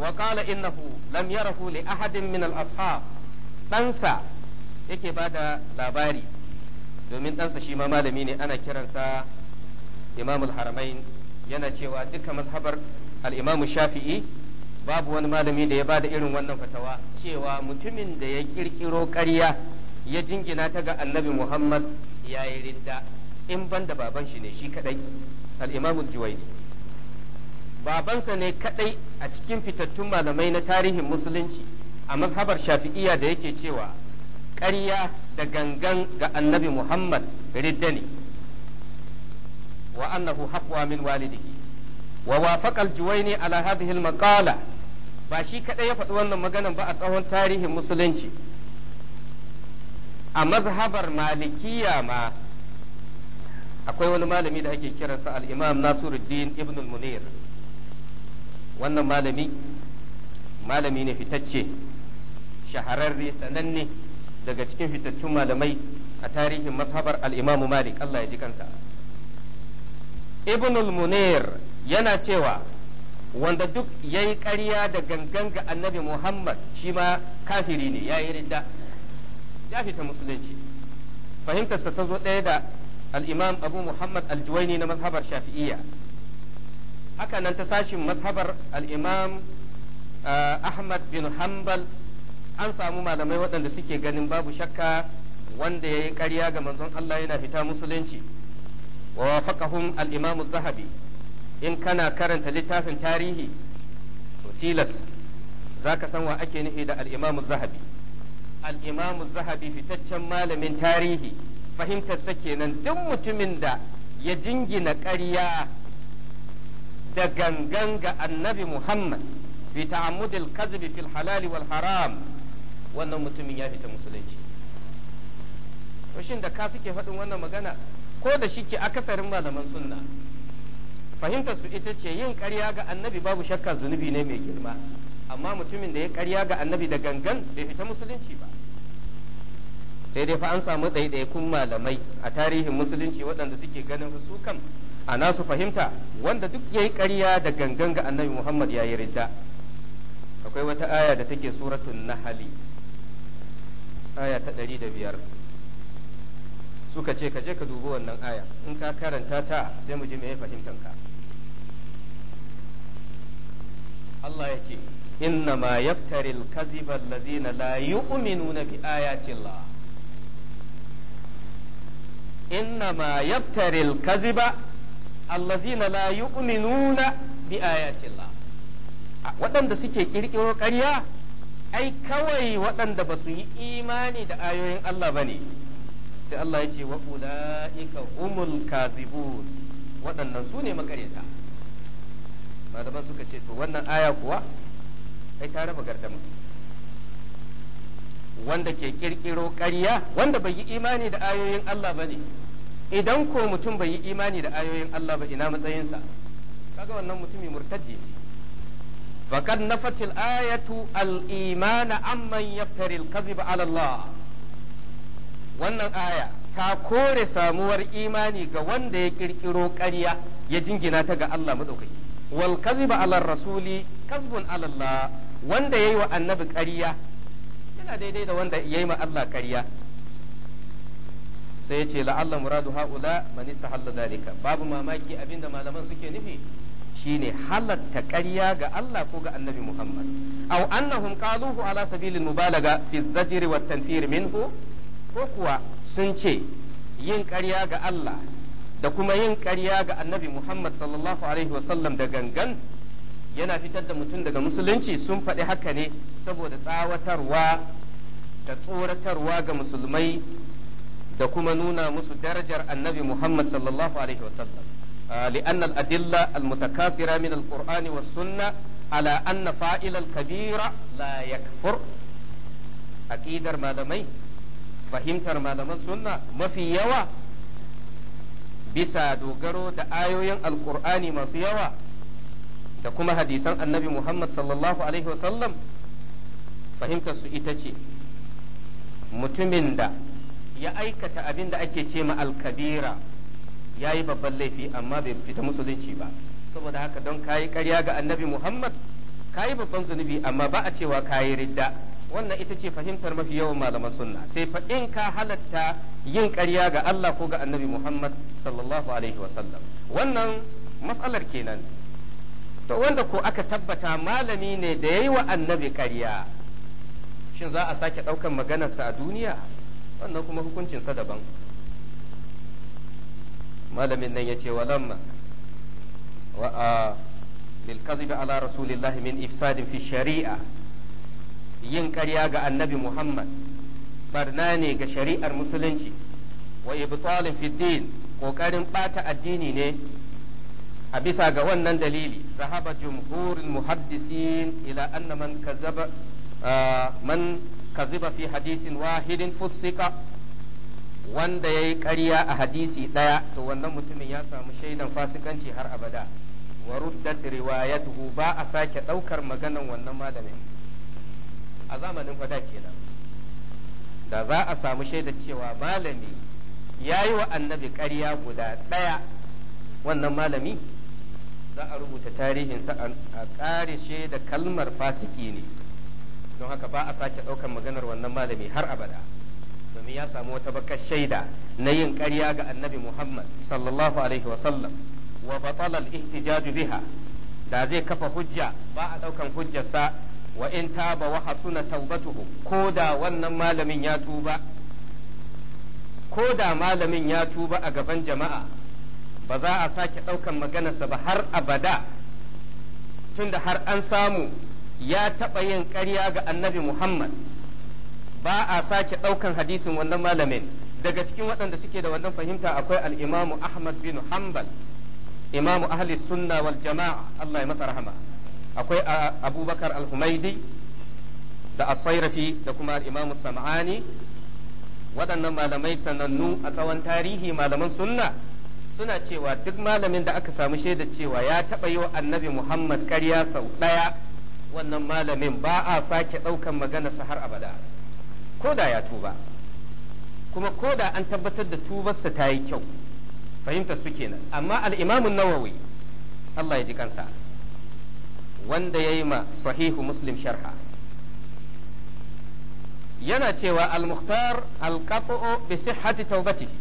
وقال إنه لم يره لأحد من الأصحاب ɗansa yake ba da labari domin ɗansa shi ma malami ne ana kiransa imamul haramain yana cewa duka mazhabar al'imamu shafi'i babu wani malami da ya bada irin wannan fatawa cewa mutumin da ya kirkiro ƙarya ya jingina ta ga annabi muhammad ya yi ridda in ban da baban shi ne shi kadai al'imamu juwaini babansa ne kadai a cikin fitattun malamai na tarihin musulunci a mazhabar shafi'iya da yake cewa ƙarya da gangan ga annabi Muhammad ridda ne wa annahu haqwa min walidihi wa wafaqal juwayni ala hadhihi maqala ba shi kadai ya faɗi wannan maganan ba a tsawon tarihin musulunci a mazhabar malikiya ma akwai wani malami da ake kiransa al-imam Nasiruddin ibn al-Munir wannan malami malami ne fitacce shahararre sananne daga cikin fitattun malamai a tarihin mashabar al'imamu malik Allah ya ji kansa ibnul munir yana cewa wanda duk ya yi ƙarya da gangan ga annabi muhammad shi ma kafiri ne ya yi ridda ya fita musulunci fahimtarsa ta zo ɗaya da al'imam abu muhammad aljuwaini na mashabar shafi'iyya haka nan ta sashin mashabar al'imam ah, ahmad bin hanbal an samu malamai waɗanda suke ganin babu shakka wanda ya yi ƙarya ga manzon Allah yana fita musulunci wa wafaqahum al-imam zahabi in kana karanta littafin tarihi to tilas zaka san wa ake nufi da al zahabi al zahabi fitaccen malamin tarihi fahimtar sa kenan duk mutumin da ya jingina ƙarya da gangan ga annabi Muhammad bi ta'ammudil kazbi fil halali wal haram wannan mutumin ya fita musulunci to da ka suke faɗin wannan magana ko da shi ke akasarin malaman sunna fahimtar su ita ce yin karya ga annabi babu shakka zunubi ne mai girma amma mutumin da ya karya ga annabi da gangan bai fita musulunci ba sai dai fa an samu ɗaiɗaikun malamai a tarihin musulunci waɗanda suke ganin su kam a nasu fahimta wanda duk ya yi ƙarya da gangan ga annabi muhammad ya yi ridda akwai wata aya da take na hali. aya ta ɗari da biyar suka ce ka je ka dubi wannan aya in ka karanta ta sai mu ji me fahimtan ka Allah ya ce inna ma yaftari al-kaziba allazina la yu'minuna bi ayati Allah inna ma yaftari al-kaziba allazina la yu'minuna bi ayati Allah waɗanda suke kirkiro ƙarya ai kawai waɗanda ba su yi imani da ayoyin Allah ba ne sai Allah ya ce wa ula'ika umul kazibun waɗannan su ne makaryata malaman suka ce to wannan aya kuwa ai ta raba gardama wanda ke kirkiro ƙarya wanda bai yi imani da ayoyin Allah ba ne idan ko mutum bai yi imani da ayoyin Allah ba ina matsayinsa kaga wannan mutumi murtaddi ne فقد نفت الآية الإيمان عمن يفتري الكذب على الله wannan aya ta kore samuwar imani ga wanda ya kirkiro ƙarya ya jingina ta ga Allah maɗaukaki wal kaziba ala rasuli kazbun ala wanda yayi wa annabi ƙarya yana daidai da wanda yayi ma Allah ƙarya sai ya ce la'alla muradu haula man istahalla dalika babu mamaki abinda malaman suke nufi shine halatta ƙarya ga Allah ko ga annabi Muhammad aw annahum qaluhu ala sabilil mubalaga fi zajri wat tanfir minhu ko kuwa sun ce yin ƙarya ga Allah da kuma yin ƙarya ga annabi Muhammad sallallahu alaihi sallam da gangan yana fitar da mutum daga musulunci sun faɗi haka ne saboda tsawatarwa da tsoratarwa ga musulmai da kuma nuna musu darajar annabi Muhammad sallallahu alaihi sallam. لأن الأدلة المتكاثرة من القرآن والسنة على أن فاعل الكبيرة لا يكفر أكيدر ما لمي فهمتر ما لمن ما في يوا bisa dogaro da ayoyin alkur'ani masu yawa da kuma hadisan annabi muhammad sallallahu alaihi wasallam fahimtar su ita ce mutumin da ya aikata abin da ake ce ma alkabira ya yi babban laifi amma bai fita musulunci ba saboda haka don kayi karya ga annabi muhammad kayi babban zunubi amma ba a cewa kayi ridda wannan ita ce fahimtar mafi yawan malaman sunna sai fa in ka halatta yin karya ga allah ko ga annabi muhammad sallallahu alaihi wasallam wannan matsalar kenan to wanda ko aka tabbata malami ne da ya yi wa annabi karya shin za a sake ɗaukan maganarsa a duniya wannan kuma hukuncinsa daban malamin nan ya ce wa lamma wa a ala rasulillah min ifsadin fi shari'a yin karya ga annabi muhammad barna ne ga shari'ar musulunci wa ibtalin fi din ƙoƙarin ɓata addini ne a bisa ga wannan dalili zahaba jumhurin muhaddisin ila annaman kazaba man kaziba fi hadisin wahidin fussika wanda ya yi ƙarya a hadisi ɗaya to wannan mutumin ya samu shaidan fasikanci har abada wa ruddat riwayatuhu ba a sake ɗaukar maganan wannan malamin a zamanin fada kenan da za a samu shaidar cewa malami ya yi wa annabi ƙarya guda ɗaya wannan malami za a rubuta tarihinsa a ƙarishe da kalmar fasiki ne don haka ba a sake ɗaukar maganar wannan malami har abada domin ya samu wata bakar shaida na yin ƙarya ga annabi Muhammad sallallahu alaihi wasallam wa batala ihtijaju biha da zai kafa hujja ba a ɗaukan hujjarsa wa in taba wa hasuna taubatuhu ko da wannan malamin ya tuba ko da malamin ya tuba a gaban jama'a ba za a sake ɗaukan maganarsa ba har abada tunda har an samu ya taɓa yin ƙarya ga annabi Muhammad ba a sake ɗaukan hadisin wannan malamin daga cikin waɗanda suke da wannan fahimta akwai al'imamu ahmad bin hanbal imamu ahli sunna wal jama'a allah ya masa rahama akwai abubakar al-humaidi da asairafi da kuma al'imamu sam'ani waɗannan malamai sanannu a tsawon tarihi malaman sunna suna cewa duk malamin da aka samu shaida cewa ya taɓa yi wa annabi muhammad ƙarya sau ɗaya wannan malamin ba a sake ɗaukan maganarsa har abada ko da ya tuba kuma ko da an tabbatar da tubarsa ta yi kyau fahimta suke kenan amma al'imamun nawawi Allah ya ji kansa wanda ya yi ma sahihu muslim sharha yana cewa al-mukhtar al-qat'u bi sihhati tawbatihi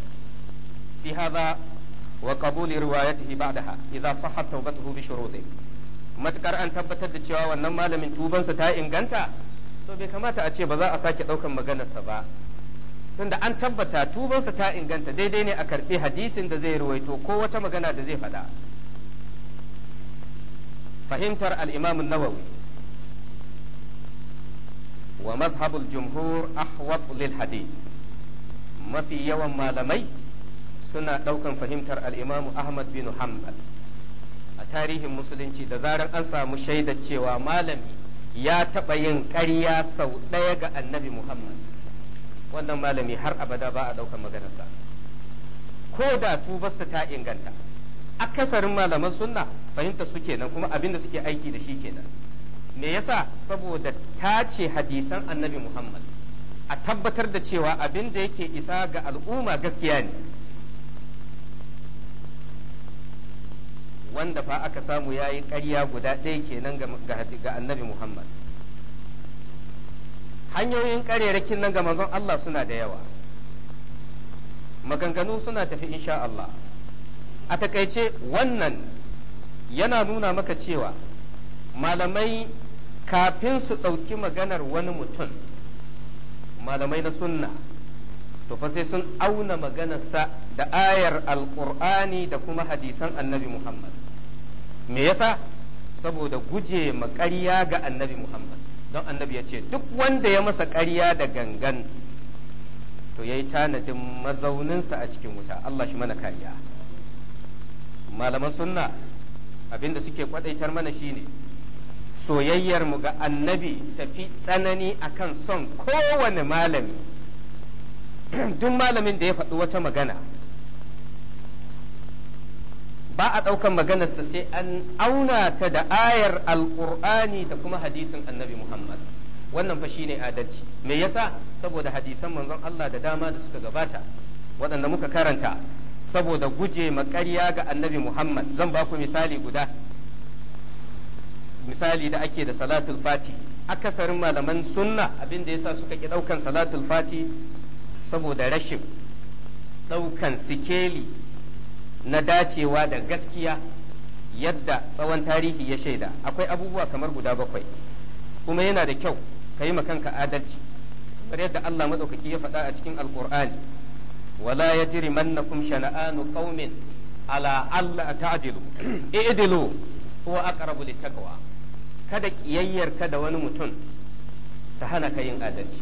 fi hadha wa qabuli riwayatihi ba'daha idza sahhat tawbatuhu bi shurutihi matakar an tabbatar da cewa wannan malamin tubansa ta inganta to bai kamata a ce ba za a sake ɗaukan maganarsa ba tunda an tabbata tubansa ta inganta daidai ne a karɓi hadisin da zai ruwaito ko wata magana da zai faɗa fahimtar al'imamun nawawi wa mazhabul jumhur ahwat lil hadis mafi yawan malamai suna ɗaukan fahimtar al'imamu ahmad bin hanbal a tarihin musulunci da zarar an samu shaidar cewa malami ya taɓa yin ƙarya sau ɗaya ga annabi Muhammad wannan malami har abada ba a ɗaukar maganarsa ko da tubarsa ta inganta akasarin malaman sunna fahimta su kenan kuma abin da suke aiki da shi kenan me yasa saboda ta ce hadisan annabi Muhammad a tabbatar da cewa abin da yake isa ga al'umma gaskiya ne wanda fa aka samu ya yi ƙarya guda ɗaya kenan ga annabi muhammad hanyoyin ƙarerakin nan ga manzon allah suna da yawa maganganu suna tafi insha allah a takaice wannan yana nuna maka cewa malamai kafin su ɗauki maganar wani mutum malamai na sunna to fa sai sun auna sa da ayar alƙur'ani da kuma hadisan annabi muhammad me yasa saboda guje ma ƙarya ga annabi Muhammad don annabi ya ce duk wanda ya masa ƙarya da gangan to ya yi tanadin mazauninsa a cikin wuta Allah shi mana kariya malaman sunna abinda suke kwadaitar mana shine soyayyar mu ga annabi tafi tsanani akan son kowane malami duk malamin da ya faɗi wata magana ba a ɗaukan maganarsa sai an auna ta da ayar alƙur'ani da kuma hadisin annabi muhammad wannan fa ne adalci me yasa saboda hadisan manzon Allah da dama da suka gabata waɗanda muka karanta saboda guje maƙarya ga annabi muhammad zan ba ku misali guda misali da ake da salatul fati akasarin malaman sunna abin da yasa suka ki ɗaukan salatul fati saboda rashin ɗaukan sikeli na dacewa da gaskiya yadda tsawon tarihi ya shaida akwai abubuwa kamar guda bakwai kuma yana da kyau ka yi kanka adalci kamar yadda Allah maɗaukaki ya faɗa a cikin alƙur'ani wala ya jiri mannakum shana'anu qaumin ala alla ta'dilu i'dilu huwa aqrabu littaqwa kada kiyayyar ka da wani mutum ta hana ka yin adalci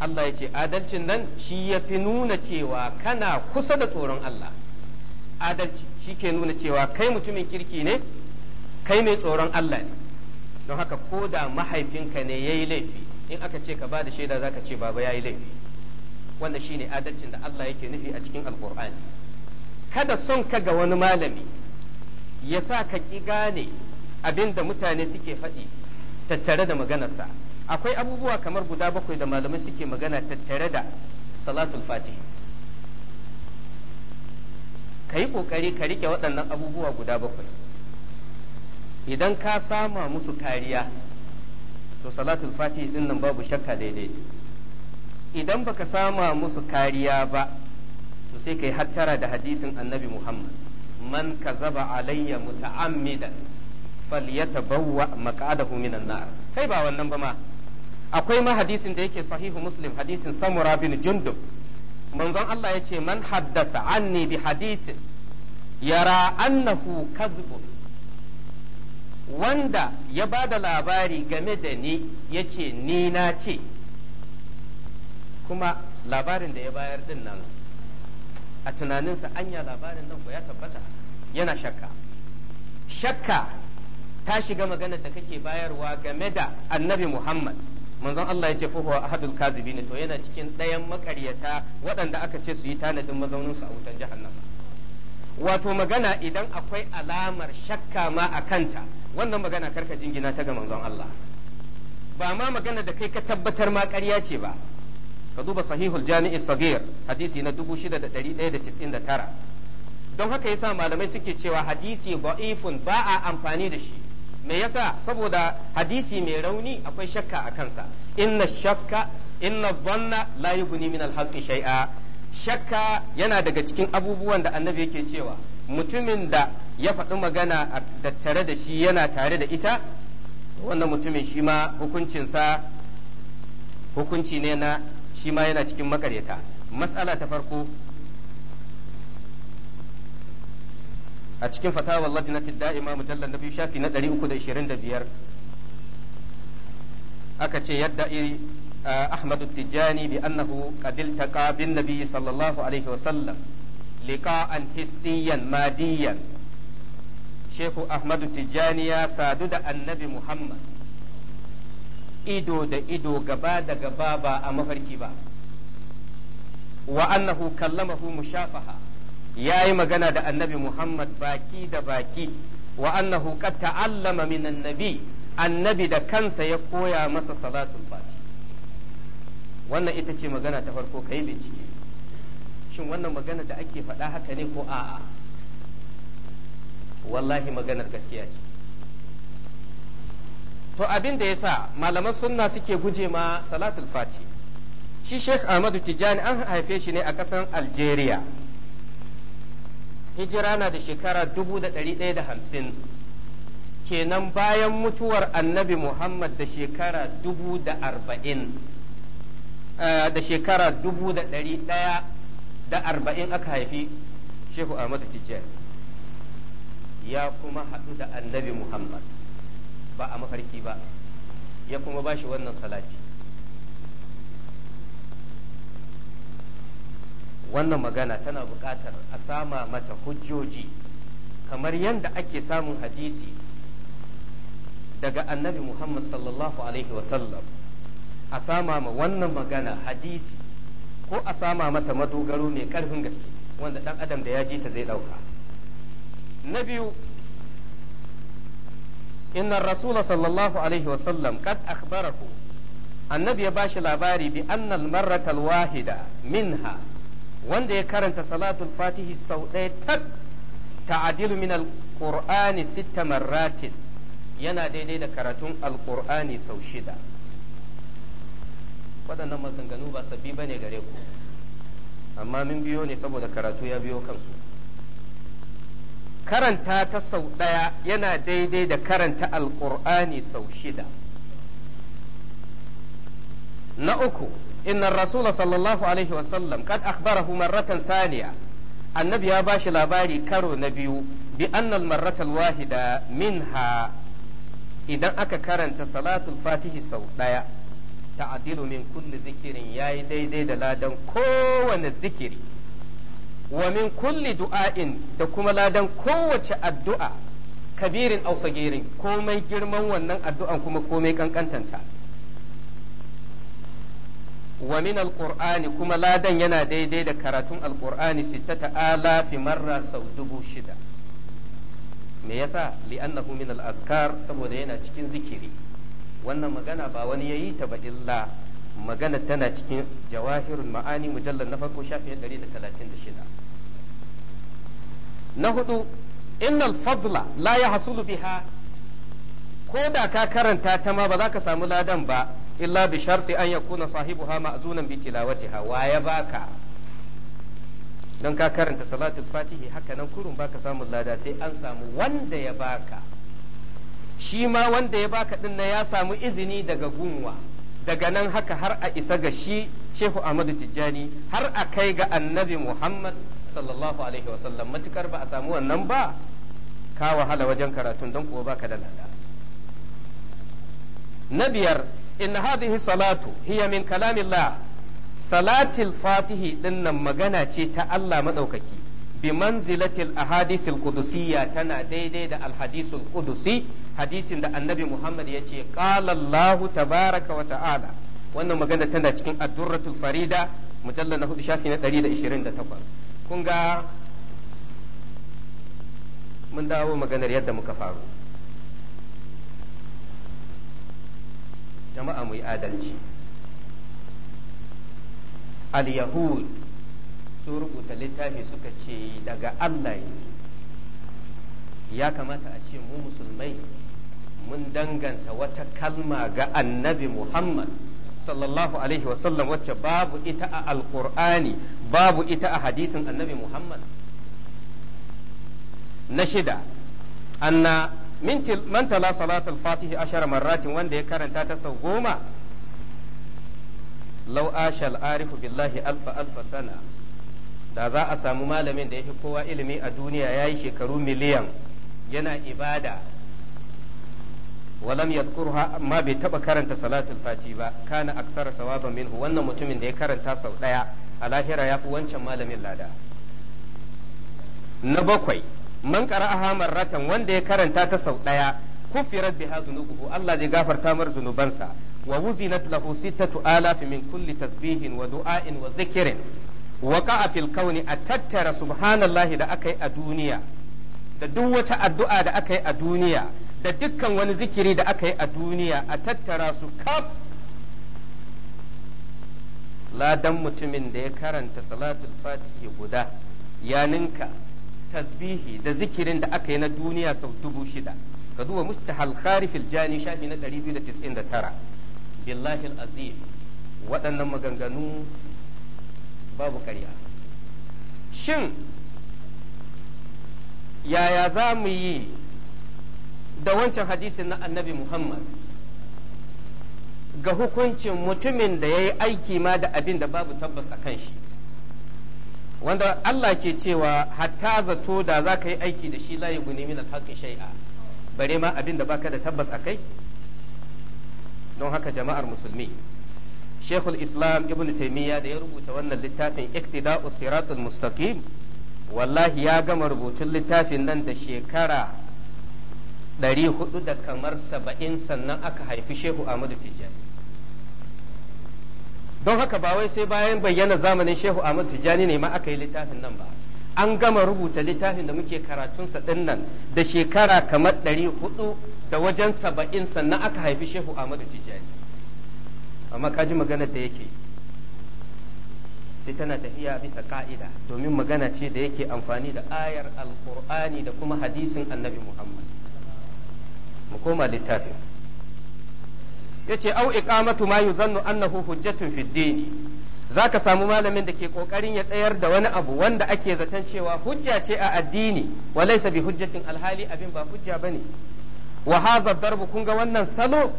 Allah ya ce adalcin nan shi ya fi nuna cewa kana kusa da tsoron Allah adalci shi ke nuna cewa kai mutumin kirki ne kai mai tsoron Allah ne don haka ko da mahaifinka ne ya yi laifi in aka ce ka ba da shaida za ka ce baba ya yi laifi wanda shi ne adalcin da Allah yake nufi a cikin alkur'ani kada son ka ga wani malami ya sa ka ƙi gane abin da mutane suke faɗi tattare da maganarsa akwai abubuwa kamar guda bakwai da malamai suke magana tattare da salatul fatihi ka yi ƙoƙari ka rike waɗannan abubuwa guda bakwai idan ka sama musu kariya to salatul fatihi din nan babu shakka daidai idan baka sama musu kariya ba to sai ka yi hattara da hadisin annabi muhammad man ka zaba alayya muta'ammidan falyatabawwa maq'adahu minan nar kai ba wannan ba ma akwai ma hadisin da yake sahihu muslim hadisin samura bin jundub manzon Allah ya ce man haddasa anni bi hadisin yara annahu kazbun wanda ya ba da labari game da ni ya ce ni na ce kuma labarin da ya bayar din nan a tunaninsa anya labarin nan ko ya tabbata yana shakka shakka ta shiga magana da kake bayarwa game da annabi muhammad manzon Allah ya ce fa huwa ahadul kazibin to yana cikin ɗayan makaryata waɗanda aka ce su yi tanadin mazaunin su a wutan jahannama wato magana idan akwai alamar shakka ma a kanta wannan magana karka jingina ta ga manzon Allah ba ma magana da kai ka tabbatar ma ƙarya ce ba ka duba sahihul jami'i sagir hadisi na da 6199 don haka yasa malamai suke cewa hadisi baifun ba a amfani da shi me yasa saboda hadisi mai rauni akwai shakka a kansa inna shakka inna dhanna la yughni min al shay'a shakka yana daga cikin abubuwan da annabi yake cewa mutumin da ya faɗi magana da tare da shi yana tare da ita wannan mutumin shi ma hukuncinsa hukunci ne na shi ma yana cikin makaryata matsala ta farko a cikin fatawar lajnati da'ima mujallar na biyu shafi na 325 aka ce yadda ahmad tijani bi annahu qad iltaqa bin nabiy sallallahu alaihi wa sallam liqa'an hissiyan madiyan shehu ahmad tijaniya ya sadu da annabi muhammad ido da ido gaba da gaba ba a mafarki ba wa annahu kallamahu mu shafaha. ya yi magana da annabi Muhammad baki da baki wa annahu qad ta'allama min annabi annabi da kansa ya koya masa salatul fati wannan ita ce magana ta farko kai bincike shin wannan magana da ake faɗa haka ne ko a'a wallahi maganar gaskiya ce to abin da yasa malaman sunna suke guje ma salatul fati shi sheikh ahmadu tijani an haife shi ne a ƙasar algeria hijira na da shekara 1150 kenan bayan mutuwar annabi muhammad da shekara 1040 eh, da shekara 1140 aka haifi shehu ahmadu tijjani ya kuma haɗu da annabi muhammad ba a mafarki ba ya kuma ba shi wannan salati wannan magana tana buƙatar a sama mata hujjoji kamar yadda ake samun hadisi daga annabi muhammad sallallahu alaihi wasallam a sama ma wannan magana hadisi ko a sama mata madogaro mai ƙarfin gaske wanda ɗan adam da ya ji ta zai ɗauka na biyu inna rasula sallallahu alaihi wasallam kad akhbarahu annabi ya bashi labari bi annal marratal wahida minha wanda ya karanta salatul fatihi sau ɗaya tak ta'adilu min alqur'ani sitta marratin yana daidai da karatun alqur'ani sau shida waɗannan maganganu ba sabbi ba ne gare ku amma min biyo ne saboda karatu ya biyo kansu karanta ta sau ɗaya yana daidai da karanta alqur'ani sau shida na uku inna rasula sallallahu alaihi wasallam kad akhbarahu marratan saniya annabi ya bashi labari karo na biyu bi annal marratal wahida minha idan aka karanta salatul fatihi sau ɗaya. ta'dilu kulli zikirin yayi daidai da ladan kowane zikiri wa min kulli du'a'in da kuma ladan kowace addu'a kabirin aw sagirin komai girman wannan addu'an kuma komai kankantanta wa min alqur'ani kuma ladan yana daidai da karatun alqur'ani sittata alafi marra sau dubu shida me yasa li'annahu min al saboda yana cikin zikiri wannan magana ba wani yayi ta ba illa magana tana cikin jawahirul ma'ani mujallar na farko shafin 136 na hudu innal fadla la yahsulu biha ko da ka karanta ta ma ba za ka samu ladan ba illa bi sharti an yakuna sahibuha ma'zunan bi tilawatiha wa ya baka don ka karanta salatul fatihi haka nan kurun baka samun lada sai an samu wanda ya baka shi ma wanda ya baka din ya samu izini daga gunwa daga nan haka har a isa ga shi shehu ahmadu tijjani har a kai ga annabi muhammad sallallahu alaihi sallam matukar ba a samu wannan ba ka wahala wajen karatun don kuwa baka da lada na biyar inna hadhihi salatu hiya min kalamillah salatil fatihi dinnan magana ce ta Allah madaukaki bi manzilatil ahadisil qudusiyya tana daidai da alhadisul qudusi hadisin da annabi Muhammad ya ce qala Allah tabaraka wa ta'ala wannan magana tana cikin ad farida mujallar na hudu shafi na 128 kun ga mun dawo maganar yadda muka faru jama'a mu yi adalci al-yahud su rubuta littafi suka ce daga Allah ya kamata a ce mu musulmai mun danganta wata kalma ga annabi Muhammad sallallahu alaihi wasallam wacce babu ita a alkur'ani babu ita a hadisin annabi Muhammad na shida anna man tala salatul fatihi ashar marratin wanda ya karanta ta sau goma law ashal arifu billahi alfa da za a samu malamin da ya fi kowa ilimi a duniya ya yi shekaru miliyan yana ibada walam kurha amma bai taɓa karanta salatul fati ba kana aksara sawaban minhu wannan mutumin da ya karanta sau ɗaya a lahira ya fi wancan malamin lada na bakwai man qara'aha marratan wanda ya karanta ta sau daya kufirat biha dhunubuhu Allah zai gafarta mar zunubansa wa wuzinat lahu sittatu alaf min kulli tasbihin wa du'ain wa zikrin waqa'a fil kauni a tattara subhanallahi da akai a duniya da duk wata addu'a da aka yi a duniya da dukkan wani zikiri da aka yi a duniya a tattara su kaf ladan mutumin da ya karanta salatul fatihi guda ya ninka tasbihi da zikirin da aka yi na duniya sau dubu shida ka duba mustahal kharifil jani shafi na 299 billahi azim waɗannan maganganu babu ƙarya shin yaya za mu yi da wancan hadisin na annabi muhammad ga hukuncin mutumin da ya yi aiki ma da abin da babu tabbas a kan shi wanda Allah ke cewa hatta zato da za ka yi aiki da shi layi guni min alhaƙi shai'a bare ma abin da baka da tabbas a kai don haka jama'ar musulmi shekul islam ibn taimiyya da ya rubuta wannan littafin iktida'u siratul mustaqim wallahi ya gama rubutun littafin nan da shekara ɗari hudu da kamar saba'in sannan aka haifi shehu amadu tijjani don haka ba wai sai bayan bayyana zamanin shehu ahmad tijjani ne ma aka yi littafin nan ba an gama rubuta littafin da muke karatunsa din nan da shekara kamar ɗari hudu da wajen saba'in sannan aka haifi shehu ahmad tijjani amma kaji maganar da yake sai tana tafiya bisa ka'ida domin magana ce da yake amfani da ayar alkur'ani da kuma hadisin annabi muhammad mu koma littafin yace au iqamatu ma yuzannu annahu hujjatun fid dini zaka samu malamin da ke kokarin ya tsayar da wani abu wanda ake zaton cewa hujja ce a addini wa laysa bi hujjatin alhali abin ba hujja bane wa hadha darbu kun ga wannan salo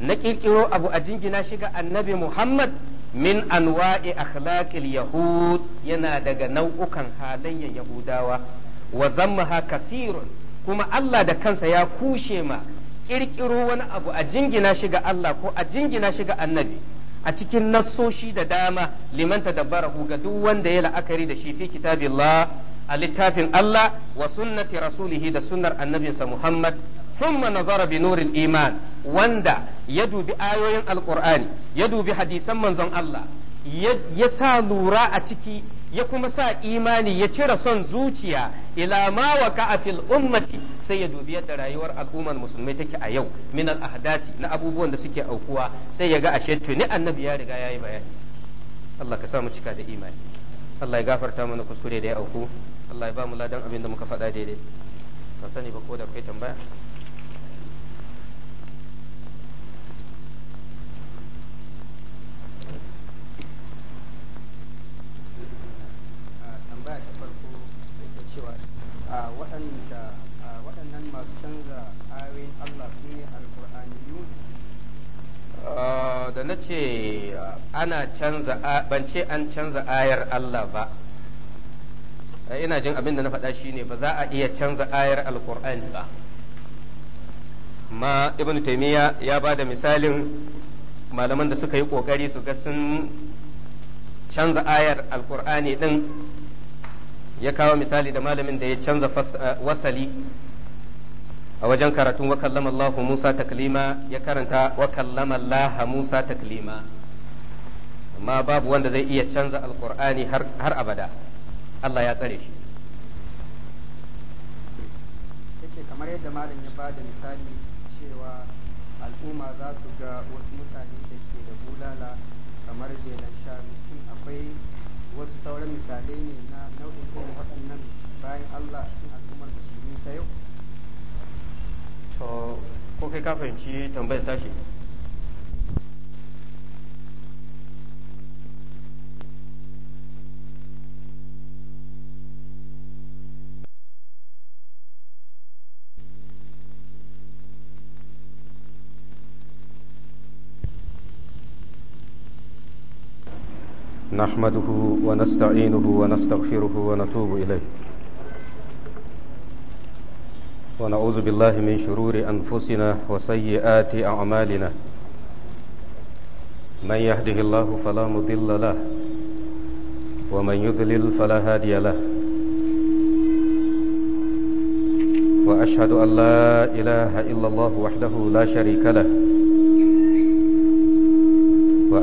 na kirkiro abu a jingina shi ga annabi Muhammad min anwa'i akhlaqil yahud yana daga nau'ukan halayyar yahudawa wa zammaha kasirun kuma Allah da kansa ya kushe ma kirkiro wani abu a jingina shi ga Allah ko a jingina shi ga annabi a cikin nassoshi da dama liman tadabbarahu ga duk wanda ya la'akari da shi fi kitabillah a littafin Allah wa sunnati rasulihi da sunnar annabinsa Muhammad thumma nazara bi nuril iman wanda ya dubi ayoyin alqur'ani ya dubi hadisan manzon Allah ya sa lura a ciki ya kuma sa imani ya cire son zuciya ila ma wa fil ummati sai ya dubi yadda rayuwar al'ummar musulmai take a yau min al ahdasi na abubuwan da suke aukuwa sai ya ga ashe tuni annabi ya riga yayi bayani Allah ka sa mu cika da imani Allah ya gafarta mana kuskure da ya auku Allah ya ba mu ladan abin da muka faɗa daidai ban sani ba ko da kai tambaya na ce ah, ana canza ban ce an canza ayar Allah ba eh, ina jin abin da na faɗa ne ba za a iya canza ayar alkur'ani ba ma ibn taimiyya ya ba da misalin malaman da suka yi ƙoƙari su ga sun canza ayar alkur'ani ɗin ya kawo misali da malamin da ya canza eh, wasali a wajen karatun wa kallama Allah Musa taklima ya karanta wa kallama Allah Musa taklima amma babu wanda zai iya canza alkur'ani har abada Allah ya tsare shi yace kamar yadda malam ya bada misali cewa al'umma za su ga wasu mutane da ke da bulala kamar jelan shanu shin akwai wasu sauran misalai ne na nau'in irin waɗannan bayan Allah cikin al'ummar musulmi ta yau نحمده ونستعينه ونستغفره ونتوب إليه ونعوذ بالله من شرور أنفسنا وسيئات أعمالنا من يهده الله فلا مضل له ومن يضلل فلا هادي له وأشهد أن لا إله إلا الله وحده لا شريك له